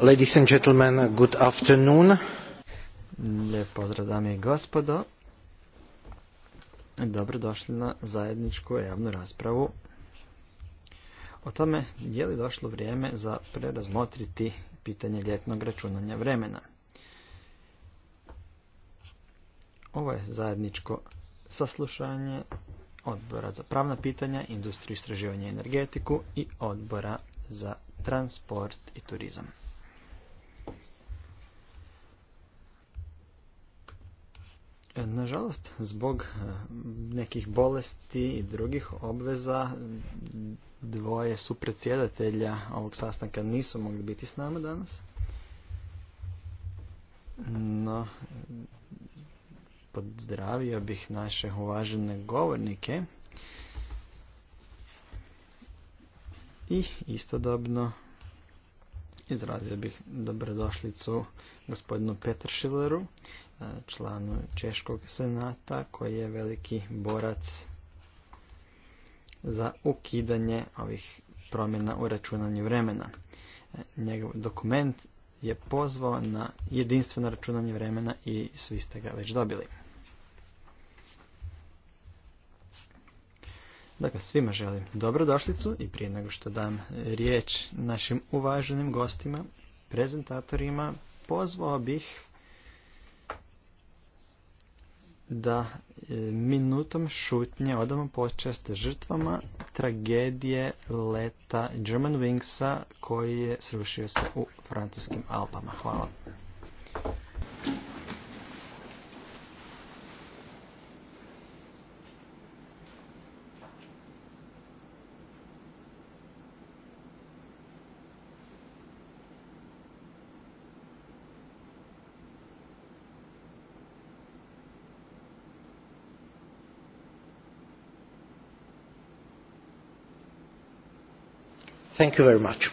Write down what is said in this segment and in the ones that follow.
Ladies and gentlemen, good afternoon. Lijep pozdrav dame i gospodo. Dobrodošli na zajedničku javnu raspravu o tome je li došlo vrijeme za prerazmotriti pitanje ljetnog računanja vremena. Ovo je zajedničko saslušanje odbora za pravna pitanja, industriju istraživanja i energetiku i odbora za transport i turizam. Nažalost, zbog e, nekih bolesti i drugih obveza, dvoje su predsjedatelja ovog sastanka nisu mogli biti s nama danas. No, pozdravio bih naše uvažene govornike i istodobno Izrazio bih dobrodošlicu gospodinu Petršileru, e, članu Češkog senata, koji je veliki borac za ukidanje ovih promjena u računanju vremena. E, njegov dokument je pozvao na jedinstveno računanje vremena i svi ste ga već dobili. Dakle, svima želim dobrodošlicu i prije nego što dam riječ našim uvaženim gostima, prezentatorima, pozvao bih da e, minutom šutnje odamo počest žrtvama tragedije leta German Wingsa koji je srušio se u francuskim Alpama. Hvala. Thank you very much.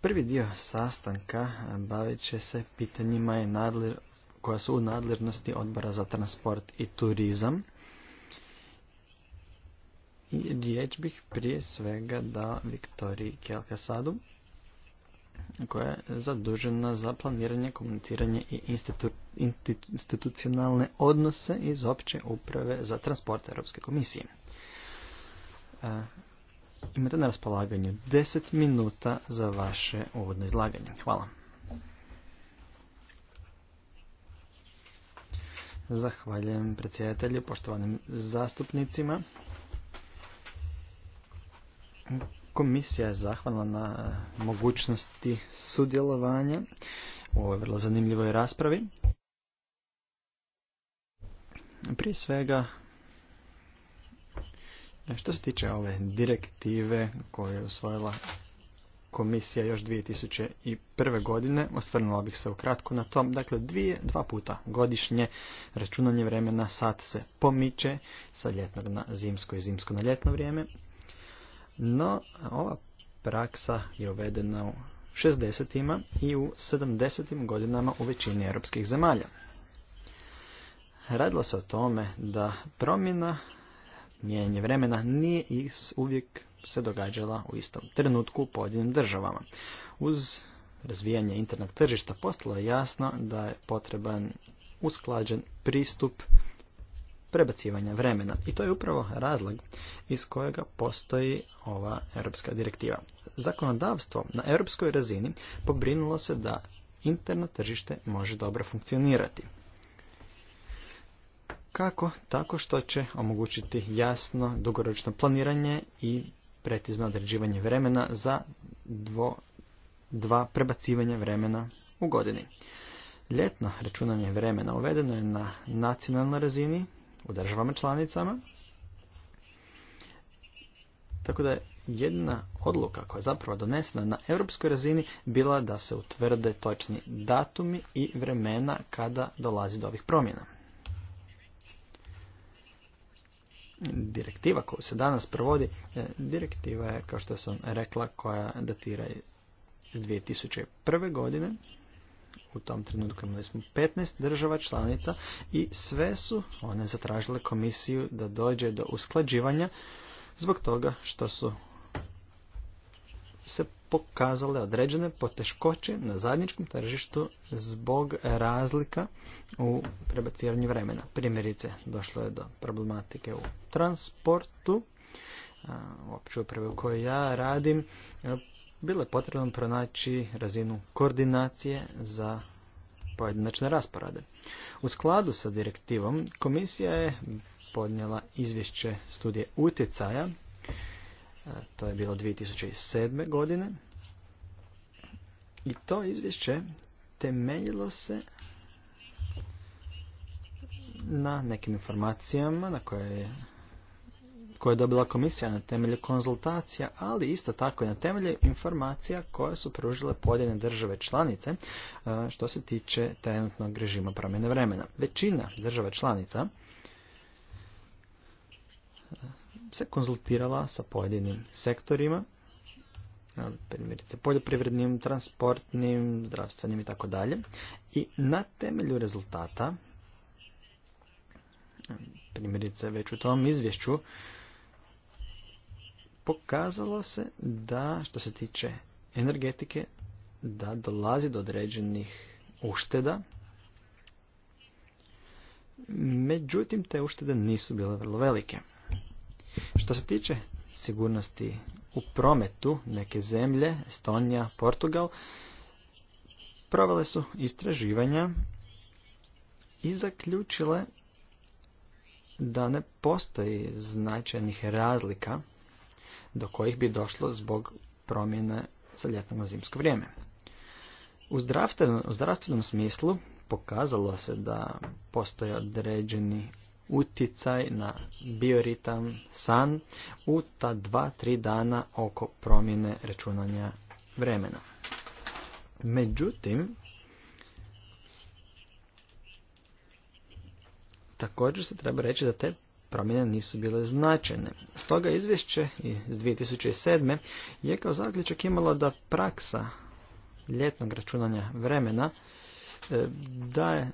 Prvi dio sastanka bavit će se pitanjima koja su u nadležnosti odbora za transport i turizam. I riječ bih prije svega da Viktoriji Kjelkasadu, koja je zadužena za planiranje, komuniciranje i institucionalne odnose iz opće uprave za transport Europske komisije. E, imate na raspolaganju 10 minuta za vaše uvodno izlaganje. Hvala. Zahvaljujem predsjedatelju, poštovanim zastupnicima. Komisija je zahvalna na mogućnosti sudjelovanja u ovoj vrlo zanimljivoj raspravi. Prije svega, što se tiče ove direktive koju je usvojila komisija još 2001. godine, osvrnula bih se ukratko na tom, dakle dvije, dva puta godišnje računanje vremena sat se pomiče sa ljetnog na zimsko i zimsko na ljetno vrijeme, no, ova praksa je uvedena u 60. i u 70. godinama u većini europskih zemalja. Radilo se o tome da promjena, mijenje vremena nije uvijek se događala u istom trenutku u pojedinim državama. Uz razvijanje internet tržišta postalo je jasno da je potreban usklađen pristup prebacivanja vremena. I to je upravo razlog iz kojega postoji ova europska direktiva. Zakonodavstvo na europskoj razini pobrinulo se da interno tržište može dobro funkcionirati. Kako? Tako što će omogućiti jasno dugoročno planiranje i pretizno određivanje vremena za dva prebacivanja vremena u godini. Ljetno računanje vremena uvedeno je na nacionalnoj razini u državama članicama. Tako da je jedna odluka koja je zapravo donesena na europskoj razini bila da se utvrde točni datumi i vremena kada dolazi do ovih promjena. Direktiva koju se danas provodi, e, direktiva je, kao što sam rekla, koja datira iz 2001. godine u tom trenutku imali smo 15 država članica i sve su one zatražile komisiju da dođe do usklađivanja zbog toga što su se pokazale određene poteškoće na zadnjičkom tržištu zbog razlika u prebacivanju vremena. Primjerice, došlo je do problematike u transportu, uopće upravo u kojoj ja radim, bilo je potrebno pronaći razinu koordinacije za pojedinačne rasporade. U skladu sa direktivom komisija je podnijela izvješće studije utjecaja, e, to je bilo 2007. godine, i to izvješće temeljilo se na nekim informacijama na koje je koje je dobila komisija na temelju konzultacija, ali isto tako i na temelju informacija koje su pružile pojedine države članice e, što se tiče trenutnog režima promjene vremena. Većina država članica e, se konzultirala sa pojedinim sektorima, e, primjerice poljoprivrednim, transportnim, zdravstvenim i tako I na temelju rezultata, primjerice već u tom izvješću, pokazalo se da što se tiče energetike da dolazi do određenih ušteda. Međutim, te uštede nisu bile vrlo velike. Što se tiče sigurnosti u prometu neke zemlje, Estonija, Portugal, provele su istraživanja i zaključile da ne postoji značajnih razlika do kojih bi došlo zbog promjene sa ljetnog na zimsko vrijeme. U zdravstvenom, u zdravstvenom smislu pokazalo se da postoje određeni utjecaj na bioritam san u ta dva, tri dana oko promjene računanja vremena. Međutim, također se treba reći da te promjene nisu bile značajne. Stoga izvješće iz 2007. je kao zaključak imalo da praksa ljetnog računanja vremena e, da je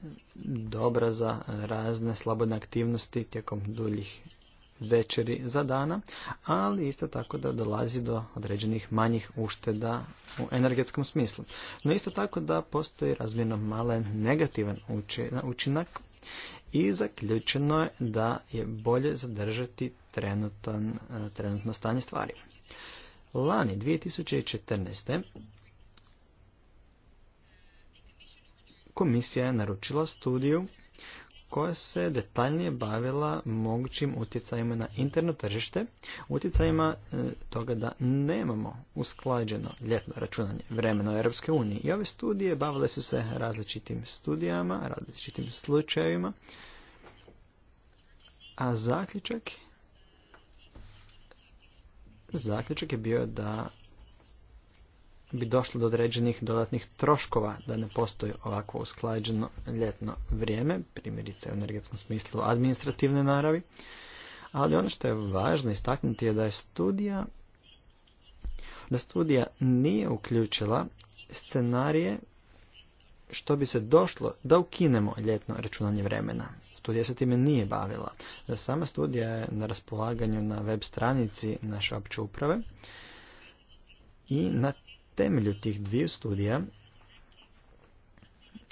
dobra za razne slobodne aktivnosti tijekom duljih večeri za dana, ali isto tako da dolazi do određenih manjih ušteda u energetskom smislu. No isto tako da postoji razmjerno malen negativan učinak i zaključeno je da je bolje zadržati trenutan, e, trenutno stanje stvari. Lani 2014. komisija je naručila studiju koja se detaljnije bavila mogućim utjecajima na interno tržište, utjecajima e, toga da nemamo usklađeno ljetno računanje vremena u Europske Uniji. I ove studije bavile su se različitim studijama, različitim slučajevima, a zaključak zaključak je bio da bi došlo do određenih dodatnih troškova da ne postoji ovako usklađeno ljetno vrijeme, primjerice u energetskom smislu administrativne naravi. Ali ono što je važno istaknuti je da je studija da studija nije uključila scenarije što bi se došlo da ukinemo ljetno računanje vremena. Studija se time nije bavila. Sama studija je na raspolaganju na web stranici naše opće uprave i na temelju tih dviju studija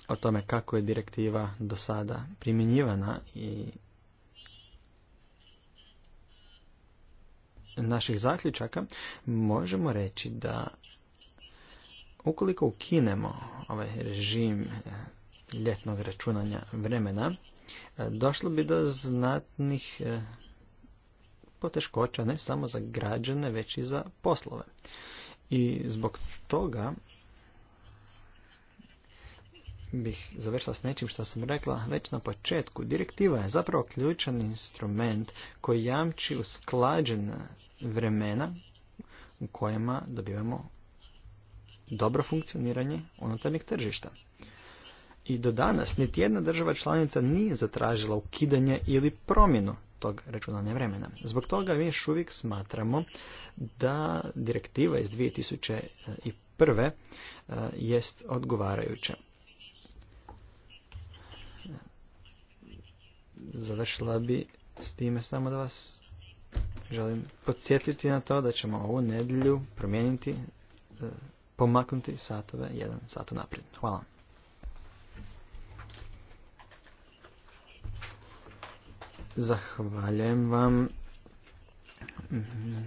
o tome kako je direktiva do sada primjenjivana i naših zaključaka, možemo reći da ukoliko ukinemo ovaj režim eh, ljetnog računanja vremena, eh, došlo bi do znatnih eh, poteškoća ne samo za građane, već i za poslove. I zbog toga bih završila s nečim što sam rekla već na početku. Direktiva je zapravo ključan instrument koji jamči usklađena vremena u kojima dobivamo dobro funkcioniranje unutarnjeg tržišta. I do danas niti jedna država članica nije zatražila ukidanje ili promjenu tog računanja vremena. Zbog toga mi još uvijek smatramo da direktiva iz 2001. E, jest odgovarajuća. Završila bi s time samo da vas želim podsjetiti na to da ćemo ovu nedjelju promijeniti, e, pomaknuti satove jedan sat naprijed. Hvala. Zahvaljujem vam.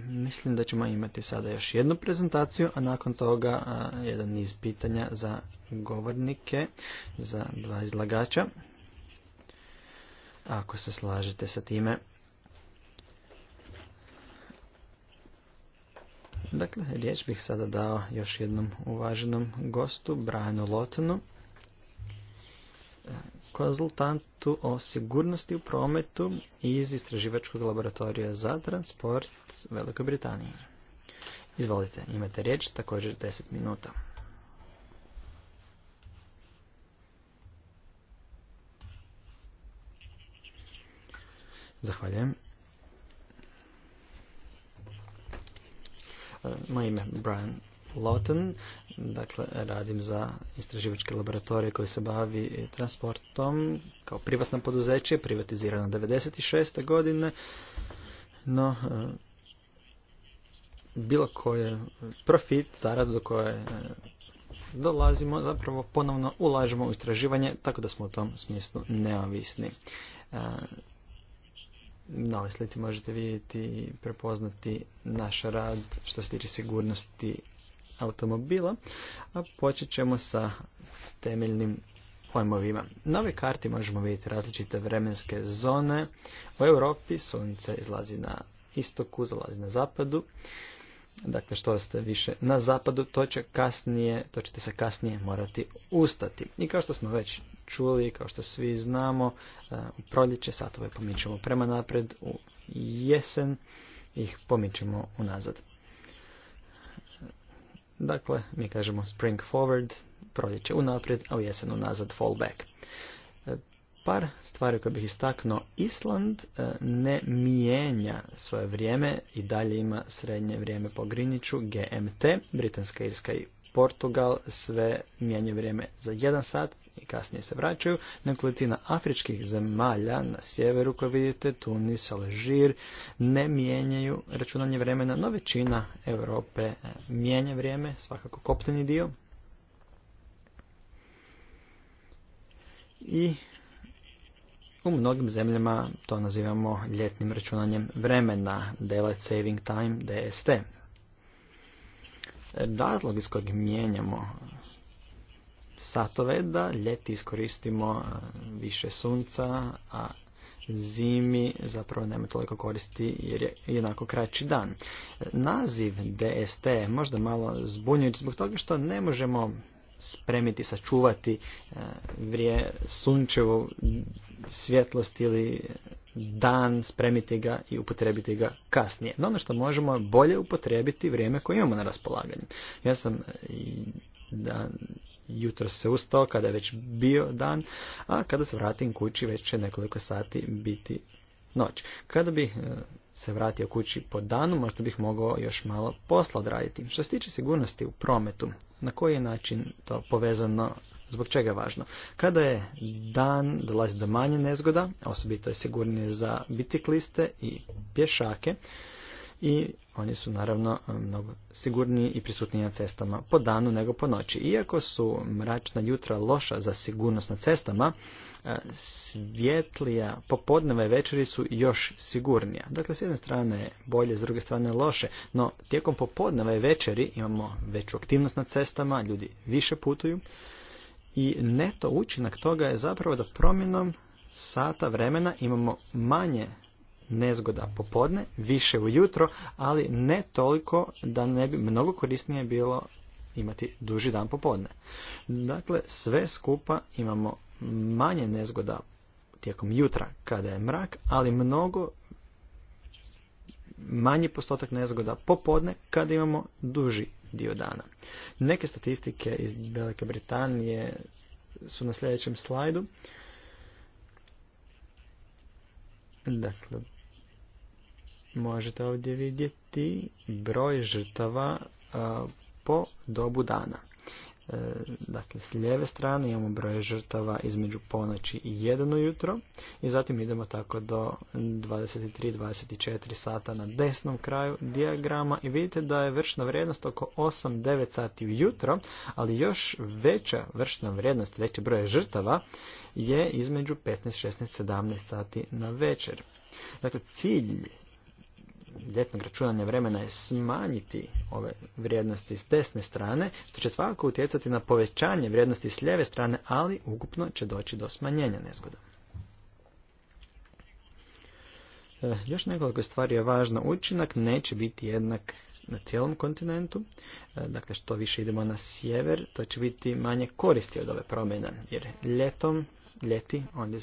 Mislim da ćemo imati sada još jednu prezentaciju, a nakon toga jedan niz pitanja za govornike, za dva izlagača. Ako se slažete sa time. Dakle, riječ bih sada dao još jednom uvaženom gostu, Brianu lotenu konzultantu o sigurnosti u prometu iz Istraživačkog laboratorija za transport Velikoj Britaniji. Izvolite, imate riječ, također 10 minuta. Zahvaljujem. Moje ime je Brian Lawton, dakle radim za istraživačke laboratorije koji se bavi transportom kao privatno poduzeće, privatizirano 96. godine, no e, bilo koje profit, zaradu do koje e, dolazimo, zapravo ponovno ulažemo u istraživanje, tako da smo u tom smislu neovisni. E, na ovoj slici možete vidjeti i prepoznati naš rad što se tiče sigurnosti automobila, a počet ćemo sa temeljnim pojmovima. Na ovoj karti možemo vidjeti različite vremenske zone. U Europi sunce izlazi na istoku, zalazi na zapadu. Dakle, što ste više na zapadu, to, će kasnije, to ćete se kasnije morati ustati. I kao što smo već čuli, kao što svi znamo, e, u proljeće satove pomičemo prema napred, u jesen ih pomičemo unazad. Dakle, mi kažemo spring forward, proljeće unaprijed, a u jesenu nazad fall back. E, par stvari koje bih istaknuo, Island e, ne mijenja svoje vrijeme i dalje ima srednje vrijeme po Griniću, GMT, Britanska, Irska i Portugal sve mijenja vrijeme za jedan sat, i kasnije se vraćaju. Nekolicina afričkih zemalja na sjeveru koje vidite, Tunis, Alžir, ne mijenjaju računanje vremena, no većina Europe eh, mijenja vrijeme, svakako kopteni dio. I u mnogim zemljama to nazivamo ljetnim računanjem vremena, Daylight Saving Time, DST. Razlog iz kojeg mijenjamo satove da ljeti iskoristimo više sunca, a zimi zapravo nema toliko koristi jer je jednako kraći dan. Naziv DST možda malo zbunjujući zbog toga što ne možemo spremiti, sačuvati e, vrije sunčevu svjetlost ili dan, spremiti ga i upotrebiti ga kasnije. No ono što možemo bolje upotrebiti vrijeme koje imamo na raspolaganju. Ja sam dan jutro se ustao kada je već bio dan, a kada se vratim kući već će nekoliko sati biti noć. Kada bih e, se vratio kući po danu, možda bih mogao još malo posla odraditi. Što se tiče sigurnosti u prometu, na koji je način to povezano, zbog čega je važno? Kada je dan, dolazi do manje nezgoda, osobito je sigurnije za bicikliste i pješake, i oni su naravno mnogo sigurniji i prisutniji na cestama po danu nego po noći. Iako su mračna jutra loša za sigurnost na cestama, e, svjetlija popodneva i večeri su još sigurnija. Dakle, s jedne strane je bolje, s druge strane loše, no tijekom popodneva i večeri imamo veću aktivnost na cestama, ljudi više putuju i neto učinak toga je zapravo da promjenom sata vremena imamo manje nezgoda popodne, više ujutro, ali ne toliko da ne bi mnogo korisnije bilo imati duži dan popodne. Dakle, sve skupa imamo manje nezgoda tijekom jutra kada je mrak, ali mnogo manji postotak nezgoda popodne kada imamo duži dio dana. Neke statistike iz Velike Britanije su na sljedećem slajdu. Dakle, možete ovdje vidjeti broj žrtava po dobu dana. E, dakle, s lijeve strane imamo broj žrtava između ponoći i jedno jutro, i zatim idemo tako do 23-24 sata na desnom kraju dijagrama i vidite da je vršna vrijednost oko 8-9 sati ujutro, ali još veća vršna vrijednost, veći broj žrtava je između 15-16-17 sati na večer. Dakle, cilj ljetnog računanja vremena je smanjiti ove vrijednosti s desne strane, što će svakako utjecati na povećanje vrijednosti s lijeve strane, ali ukupno će doći do smanjenja nezgoda. E, još nekoliko stvari je važno. Učinak neće biti jednak na cijelom kontinentu. E, dakle, što više idemo na sjever, to će biti manje koristi od ove promjene. Jer ljetom, ljeti, ondje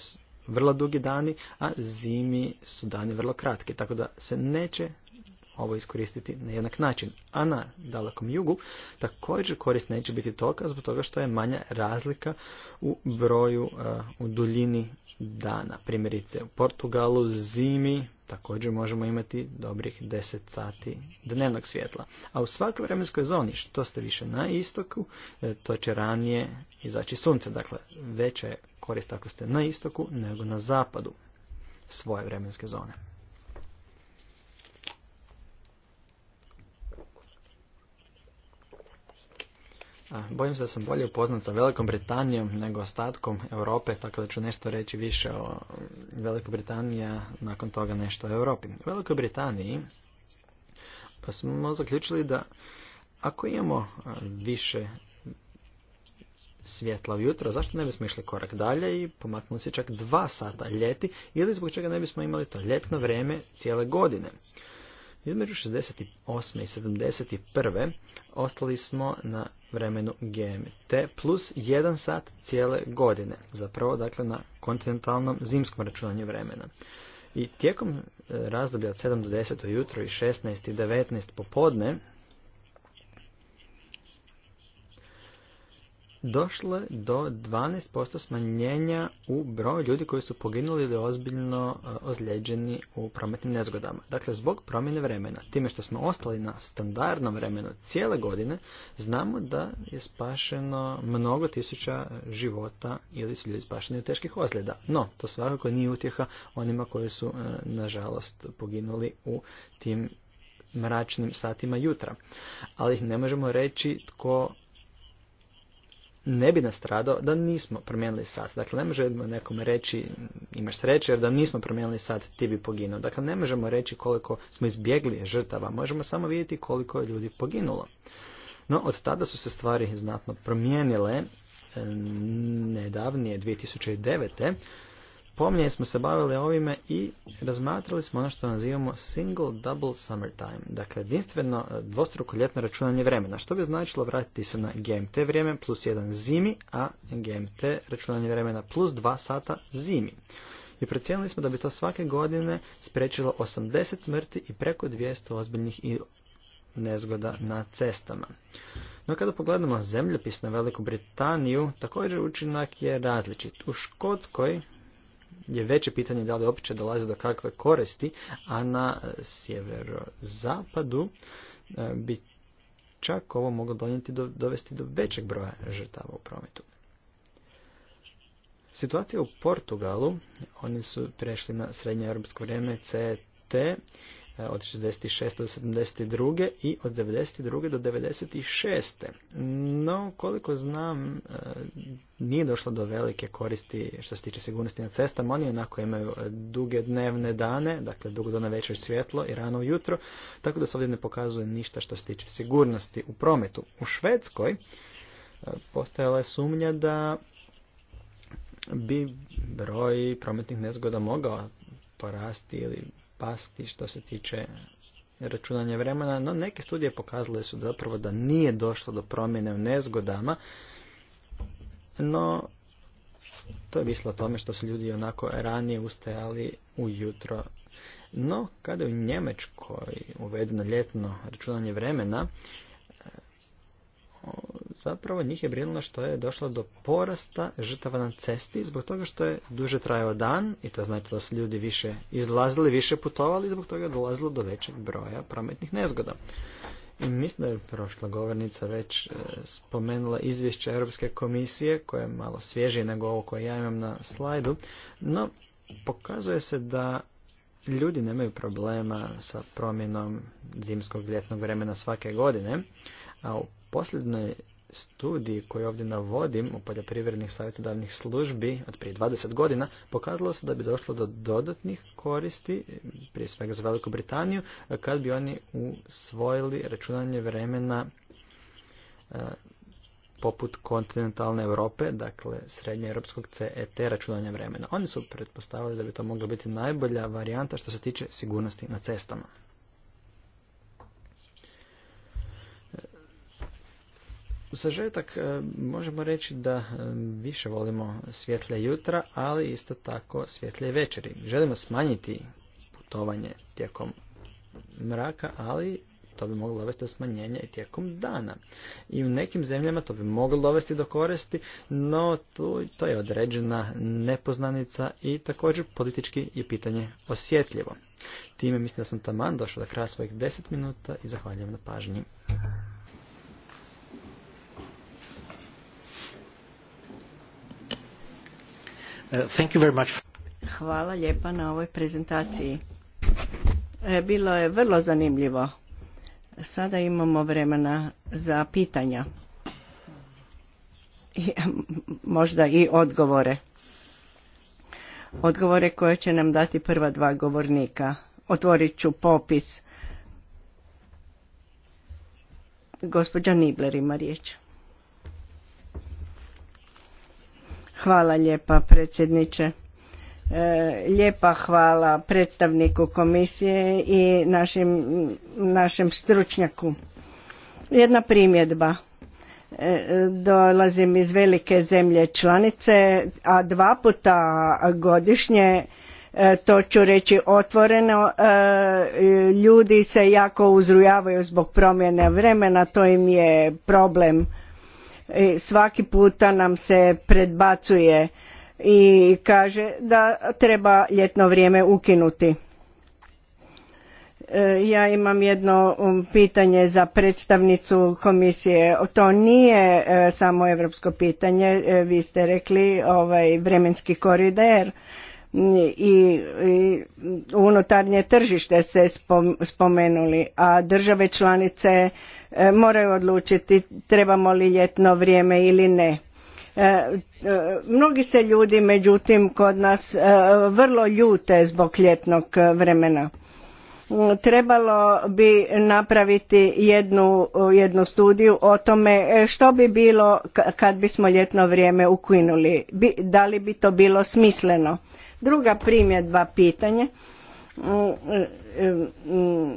vrlo dugi dani, a zimi su dani vrlo kratki, tako da se neće ovo iskoristiti na jednak način. A na dalekom jugu također korist neće biti tolika zbog toga što je manja razlika u broju, e, u duljini dana. Primjerice u Portugalu zimi također možemo imati dobrih 10 sati dnevnog svjetla. A u svakoj vremenskoj zoni što ste više na istoku, e, to će ranije izaći sunce. Dakle, veća je korist ako ste na istoku nego na zapadu svoje vremenske zone. Bojim se da sam bolje upoznat sa Velikom Britanijom nego ostatkom Europe, tako da ću nešto reći više o Velikoj Britanija, nakon toga nešto o Europi. U Velikoj Britaniji pa smo zaključili da ako imamo više svjetla ujutro, zašto ne bismo išli korak dalje i pomaknuli se čak dva sata ljeti ili zbog čega ne bismo imali to ljetno vrijeme cijele godine. Između 68. i 71. ostali smo na vremenu GMT plus 1 sat cijele godine, zapravo dakle na kontinentalnom zimskom računanju vremena. I tijekom e, razdoblja od 7 do 10 ujutro i 16 i 19 popodne došlo je do 12% smanjenja u broju ljudi koji su poginuli ili ozbiljno e, ozlijeđeni u prometnim nezgodama. Dakle, zbog promjene vremena, time što smo ostali na standardnom vremenu cijele godine, znamo da je spašeno mnogo tisuća života ili su ljudi spašeni od teških ozljeda. No, to svakako nije utjeha onima koji su, e, nažalost, poginuli u tim mračnim satima jutra. Ali ne možemo reći tko ne bi nastradao da nismo promijenili sat. Dakle, ne možemo nekome reći imaš sreće jer da nismo promijenili sat ti bi poginuo. Dakle, ne možemo reći koliko smo izbjegli žrtava, možemo samo vidjeti koliko je ljudi poginulo. No, od tada su se stvari znatno promijenile. E, nedavnije, 2009 pomnije smo se bavili ovime i razmatrali smo ono što nazivamo single double summertime. Dakle, jedinstveno e, dvostruko ljetno računanje vremena. Što bi značilo vratiti se na GMT vrijeme plus jedan zimi, a GMT računanje vremena plus dva sata zimi. I procijenili smo da bi to svake godine sprečilo 80 smrti i preko 200 ozbiljnih i nezgoda na cestama. No kada pogledamo zemljopis na Veliku Britaniju, također učinak je različit. U Škotskoj je veće pitanje da li opće dolazi do kakve koristi, a na sjeverozapadu e, bi čak ovo moglo donijeti dovesti do većeg broja žrtava u prometu. Situacija u Portugalu, oni su prešli na srednje europsko vrijeme CT. E, od 66. do 72. i od 92. do 96. No, koliko znam, e, nije došlo do velike koristi što se tiče sigurnosti na cestama. Oni onako imaju e, duge dnevne dane, dakle dugo do na večer svjetlo i rano ujutro, tako da se ovdje ne pokazuje ništa što se tiče sigurnosti u prometu. U Švedskoj postojala je sumnja da bi broj prometnih nezgoda mogao porasti ili pasti što se tiče računanja vremena, no neke studije pokazale su zapravo da nije došlo do promjene u nezgodama, no to je mislo o tome što su ljudi onako ranije ustajali ujutro. No, kada je u Njemačkoj uvedeno ljetno računanje vremena, zapravo njih je brinulo što je došlo do porasta žrtava na cesti zbog toga što je duže trajao dan i to znači da su ljudi više izlazili, više putovali zbog toga je dolazilo do većeg broja prometnih nezgoda. I mislim da je prošla govornica već e, spomenula izvješće Europske komisije koje je malo svježije nego ovo koje ja imam na slajdu, no pokazuje se da ljudi nemaju problema sa promjenom zimskog ljetnog vremena svake godine, a u posljednoj studiji koju ovdje navodim u poljoprivrednih savjetodavnih službi od prije 20 godina pokazalo se da bi došlo do dodatnih koristi, prije svega za Veliku Britaniju, kad bi oni usvojili računanje vremena e, poput kontinentalne Europe, dakle srednje europskog CET računanja vremena. Oni su pretpostavili da bi to mogla biti najbolja varijanta što se tiče sigurnosti na cestama. U sažetak e, možemo reći da e, više volimo svjetlje jutra, ali isto tako svjetlje večeri. Želimo smanjiti putovanje tijekom mraka, ali to bi moglo dovesti do smanjenja i tijekom dana. I u nekim zemljama to bi moglo dovesti do koristi, no tu, to je određena nepoznanica i također politički je pitanje osjetljivo. Time mislim da sam taman došao do kraja svojih 10 minuta i zahvaljujem na pažnji. Uh, Hvala lijepa na ovoj prezentaciji. E, bilo je vrlo zanimljivo. Sada imamo vremena za pitanja. I, možda i odgovore. Odgovore koje će nam dati prva dva govornika. Otvorit ću popis. Gospođa Nibler ima riječ. Hvala lijepa predsjedniče. E, lijepa hvala predstavniku komisije i našem stručnjaku. Jedna primjedba. E, dolazim iz velike zemlje članice, a dva puta godišnje, e, to ću reći otvoreno, ljudi se jako uzrujavaju zbog promjene vremena, to im je problem svaki puta nam se predbacuje i kaže da treba ljetno vrijeme ukinuti. E, ja imam jedno um, pitanje za predstavnicu komisije. To nije e, samo europsko pitanje, e, vi ste rekli ovaj vremenski koridor i unutarnje tržište ste spomenuli, a države članice E, moraju odlučiti trebamo li ljetno vrijeme ili ne. E, e, mnogi se ljudi međutim kod nas vrlo ljute zbog ljetnog vremena. Trebalo bi napraviti jednu, jednu studiju o tome što bi bilo kad bismo ljetno vrijeme ukinuli, da li bi to bilo smisleno. Druga primjedba pitanje mm, mm,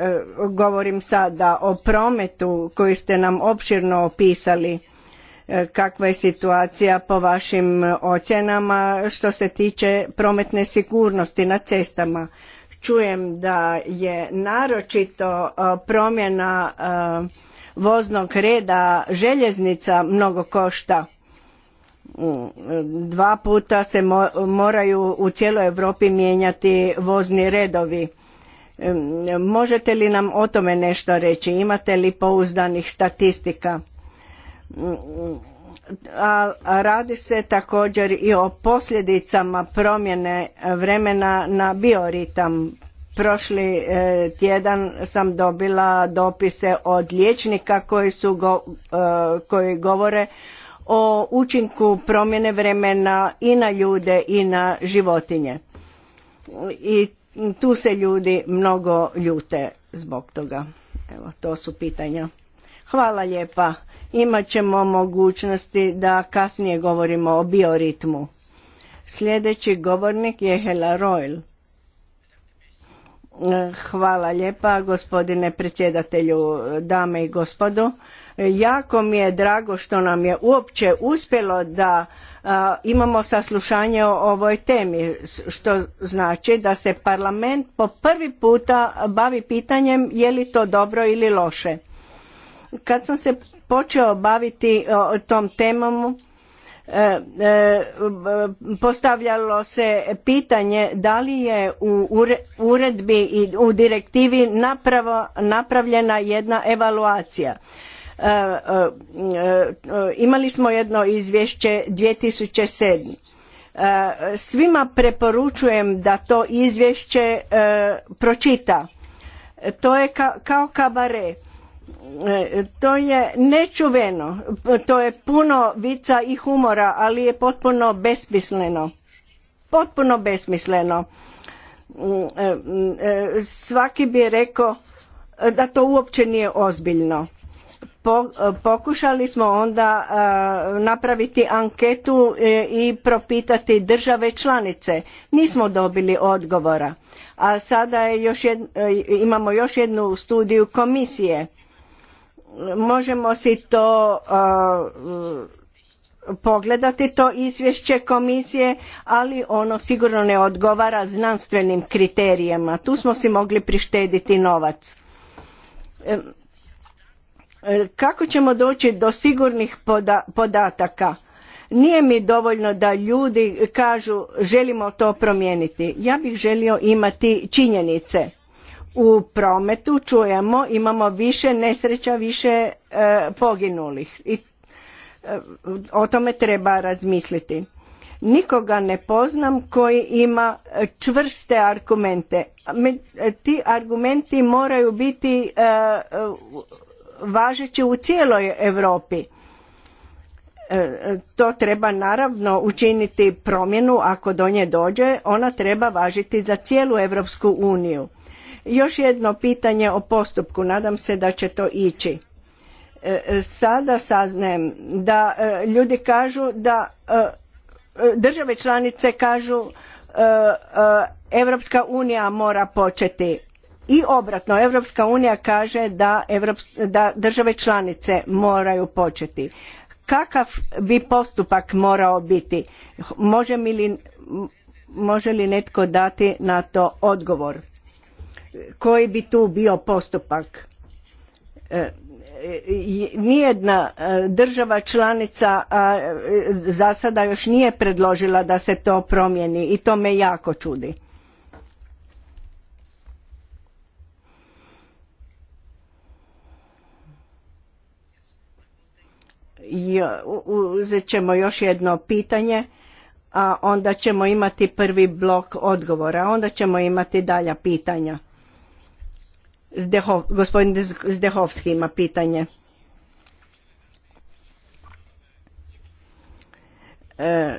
E, govorim sada o prometu koji ste nam opširno opisali e, kakva je situacija po vašim ocjenama što se tiče prometne sigurnosti na cestama čujem da je naročito e, promjena voznog reda željeznica mnogo košta mm, dva puta se moraju u cijeloj Europi mijenjati vozni redovi Možete li nam o tome nešto reći? Imate li pouzdanih statistika? A radi se također i o posljedicama promjene vremena na bioritam. Prošli e, tjedan sam dobila dopise od liječnika koji, su e, koji govore o učinku promjene vremena i na ljude i na životinje. I tu se ljudi mnogo ljute zbog toga. Evo, to su pitanja. Hvala lijepa. Imaćemo mogućnosti da kasnije govorimo o bioritmu. Sljedeći govornik je Hela Royl. E, hvala lijepa gospodine predsjedatelju, dame i gospodo. E, jako mi je drago što nam je uopće uspjelo da imamo saslušanje o ovoj temi, što znači da se parlament po prvi puta bavi pitanjem je li to dobro ili loše. Kad sam se počeo baviti tom temom, e, e, postavljalo se pitanje da li je u uredbi i u direktivi napravo, napravljena jedna evaluacija Eh, eh, eh, imali smo jedno izvješće 2007 svima preporučujem da to izvješće pročita to je kao kabare to je nečuveno to je puno vica i humora ali je potpuno besmisleno potpuno besmisleno mm, mm, svaki bi rekao da to uopće nije ozbiljno pokušali smo onda e, napraviti anketu e, i propitati države članice nismo dobili odgovora a sada je još e, imamo još jednu studiju komisije možemo si to pogledati to izvješće komisije ali ono sigurno ne odgovara znanstvenim kriterijima tu smo si mogli prištediti novac E, kako ćemo doći do sigurnih podataka? Nije mi dovoljno da ljudi kažu želimo to promijeniti. Ja bih želio imati činjenice. U prometu čujemo imamo više nesreća, više e, poginulih i e, o tome treba razmisliti. Nikoga ne poznam koji ima čvrste argumente. Ti argumenti moraju biti važeći u cijeloj Europi. E, to treba naravno učiniti promjenu ako do nje dođe, ona treba važiti za cijelu Europsku uniju. Još jedno pitanje o postupku, nadam se da će to ići. E, sada saznajem da e, ljudi kažu da države članice kažu Europska unija mora početi i obratno Europska unija kaže da, da države članice moraju početi kakav bi postupak morao biti može, mi li, može li netko dati na to odgovor koji bi tu bio postupak e, e, nijedna e, država članica za sada još nije predložila da se to promijeni i to me jako čudi E, uzet ćemo još jedno pitanje, a onda ćemo imati prvi blok odgovora, onda ćemo imati dalja pitanja. Zdehov, gospodin Zdehovski ima pitanje. E,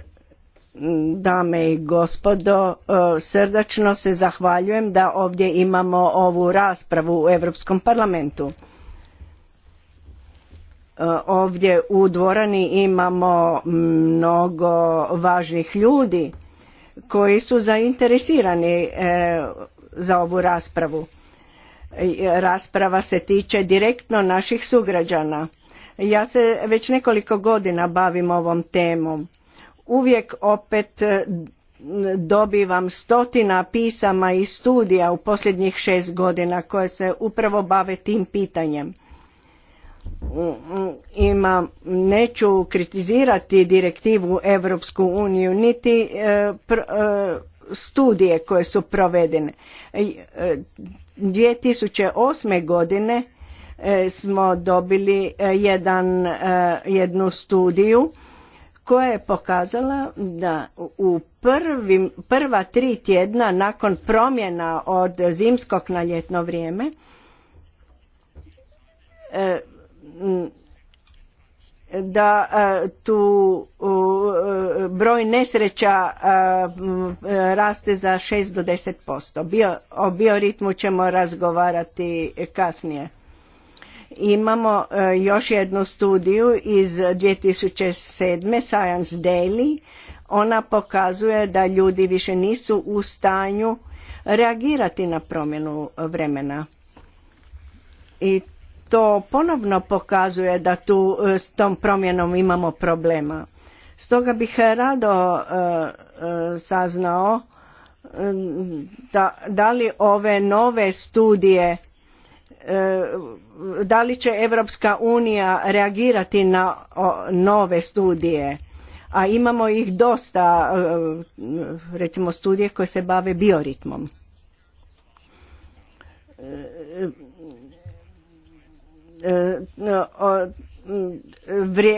dame i gospodo, e, srdačno se zahvaljujem da ovdje imamo ovu raspravu u Europskom parlamentu. Eh, ovdje u dvorani imamo mnogo važnih ljudi koji su zainteresirani eh, za ovu raspravu. Eh, rasprava se tiče direktno naših sugrađana. Ja se već nekoliko godina bavim ovom temom. Uvijek opet dobivam stotina pisama i studija u posljednjih šest godina koje se upravo bave tim pitanjem Mm, ima, neću kritizirati direktivu Europsku uniju niti e, e, studije koje su provedene. E, 2008. godine e, smo dobili jedan, jednu studiju koja je pokazala da u prva tri tjedna nakon promjena od zimskog na ljetno vrijeme da e, tu e, broj nesreća e, raste za 6 do 10%. posto o bioritmu ćemo razgovarati kasnije. Imamo još jednu studiju iz 2007. Science Daily. Ona pokazuje da ljudi više nisu u stanju reagirati na promjenu vremena. I to ponovno pokazuje da tu e, s tom promjenom imamo problema. Stoga bih rado e, e, saznao da, da li ove nove studije da li će Evropska unija reagirati na nove studije a imamo ih dosta recimo studije koje se bave bioritmom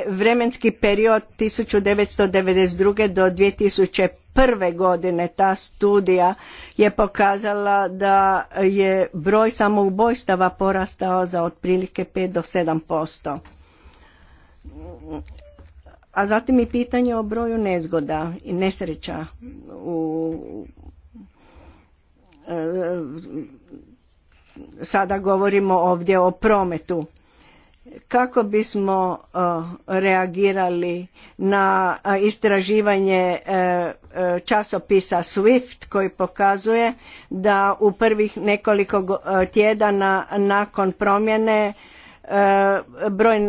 vremenski period 1992. do 2001. godine ta studija je pokazala da je broj samoubojstava porastao za otprilike 5 do 7%. A zatim i pitanje o broju nezgoda i nesreća u sada govorimo ovdje o prometu kako bismo e, reagirali na istraživanje e, e, časopisa Swift koji pokazuje da u prvih nekoliko tjedana nakon promjene E, broj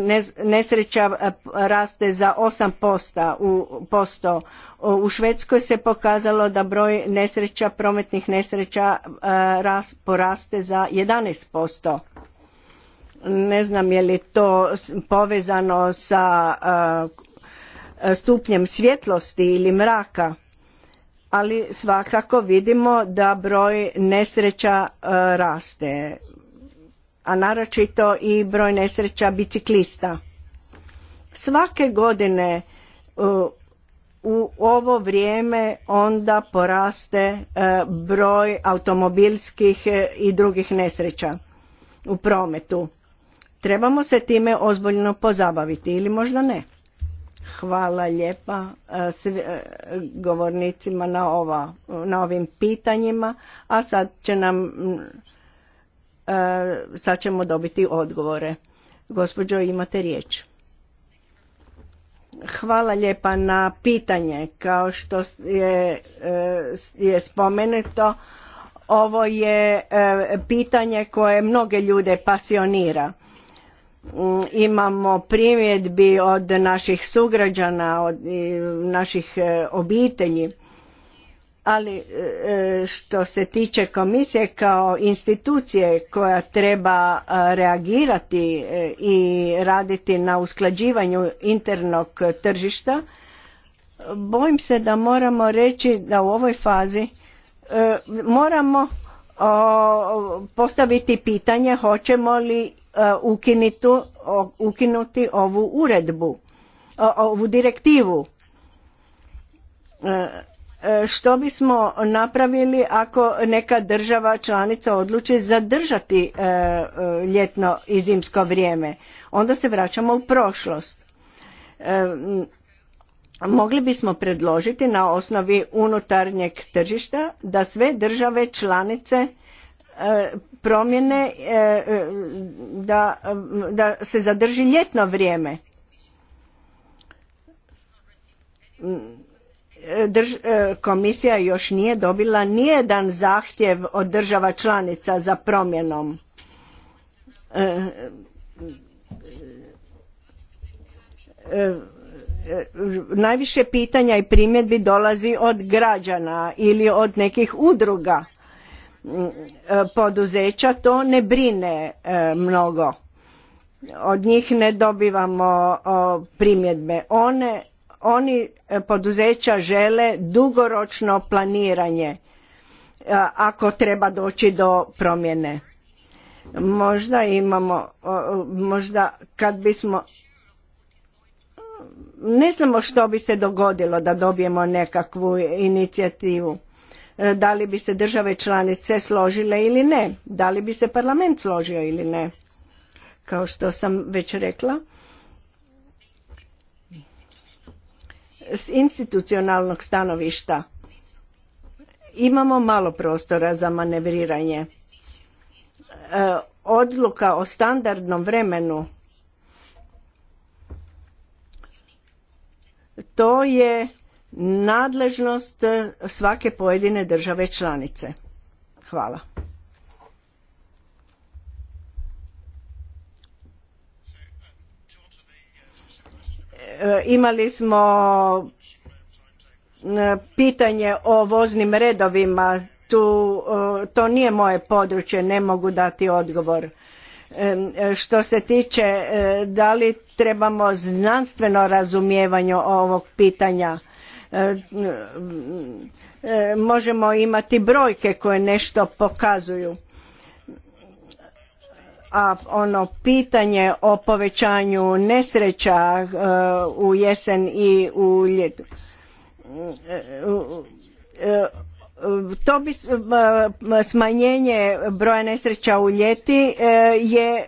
nesreća e, raste za 8% u, posto. u Švedskoj se pokazalo da broj nesreća, prometnih nesreća e, poraste za 11%. Ne znam je li to povezano sa stupnjem svjetlosti ili mraka, ali svakako vidimo da broj nesreća raste a naročito i broj nesreća biciklista. Svake godine e, u ovo vrijeme onda poraste e, broj automobilskih e, i drugih nesreća u prometu. Trebamo se time ozbiljno pozabaviti ili možda ne. Hvala lijepa govornicima na, na ovim pitanjima, a sad će nam E, sad ćemo dobiti odgovore. Gospođo, imate riječ. Hvala lijepa na pitanje. Kao što je, e, je spomenuto, ovo je e, pitanje koje mnoge ljude pasionira. Mm, imamo primjedbi od naših sugrađana, od naših obitelji ali e, e, što se tiče komisije kao institucije koja treba e, reagirati i raditi na usklađivanju internog tržišta bojim se da moramo reći da u ovoj fazi moramo postaviti pitanje hoćemo li ukinuti ovu uredbu ovu direktivu E, što bismo napravili ako neka država članica odluči zadržati e, e, ljetno i zimsko vrijeme onda se vraćamo u prošlost mogli bismo predložiti na osnovi unutarnjeg tržišta da sve države članice promjene da, da se zadrži ljetno vrijeme Drž, e, komisija još nije dobila nijedan zahtjev od država članica za promjenom. E, e, najviše pitanja i primjedbi dolazi od građana ili od nekih udruga mm, poduzeća to ne brine mnogo od njih ne dobivamo primjedbe one oni e, poduzeća žele dugoročno planiranje e, ako treba doći do promjene. Možda imamo, možda kad bismo ne znamo što bi se dogodilo da dobijemo nekakvu inicijativu. E, da li bi se države članice složile ili ne? Da li bi se parlament složio ili ne? Kao što sam već rekla, S institucionalnog stanovišta imamo malo prostora za manevriranje. E, odluka o standardnom vremenu to je nadležnost svake pojedine države članice. Hvala. E, imali smo e, pitanje o voznim redovima tu e, to nije moje područje ne mogu dati odgovor što se tiče da li trebamo znanstveno razumijevanje ovog pitanja možemo imati brojke koje nešto pokazuju a ono pitanje o povećanju nesreća e, u jesen i u ljetu e, e, to bi smanjenje broja nesreća u ljeti je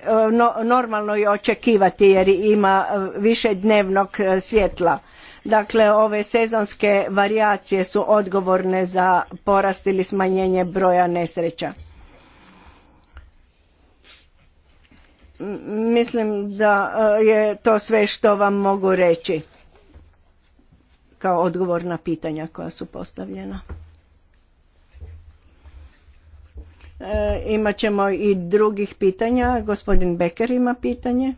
normalno i očekivati jer ima više dnevnog svjetla. Dakle, ove sezonske varijacije su odgovorne za porast ili smanjenje broja nesreća Mislim da e, je to sve što vam mogu reći kao odgovor na pitanja koja su postavljena. E, imat ćemo i drugih pitanja. Gospodin Beker ima pitanje.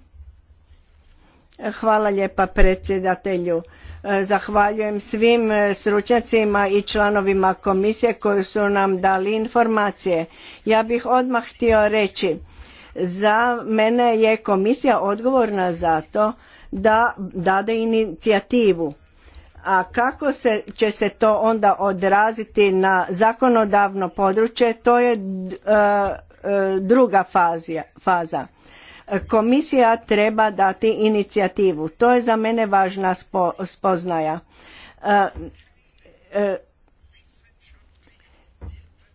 Hvala lijepa predsjedatelju. E, zahvaljujem svim e, stručnjacima i članovima komisije koji su nam dali informacije. Ja bih odmah htio reći za mene je komisija odgovorna za to da dade inicijativu. A kako se, će se to onda odraziti na zakonodavno područje, to je e, e, druga faza. Komisija treba dati inicijativu. To je za mene važna spoznaja. E,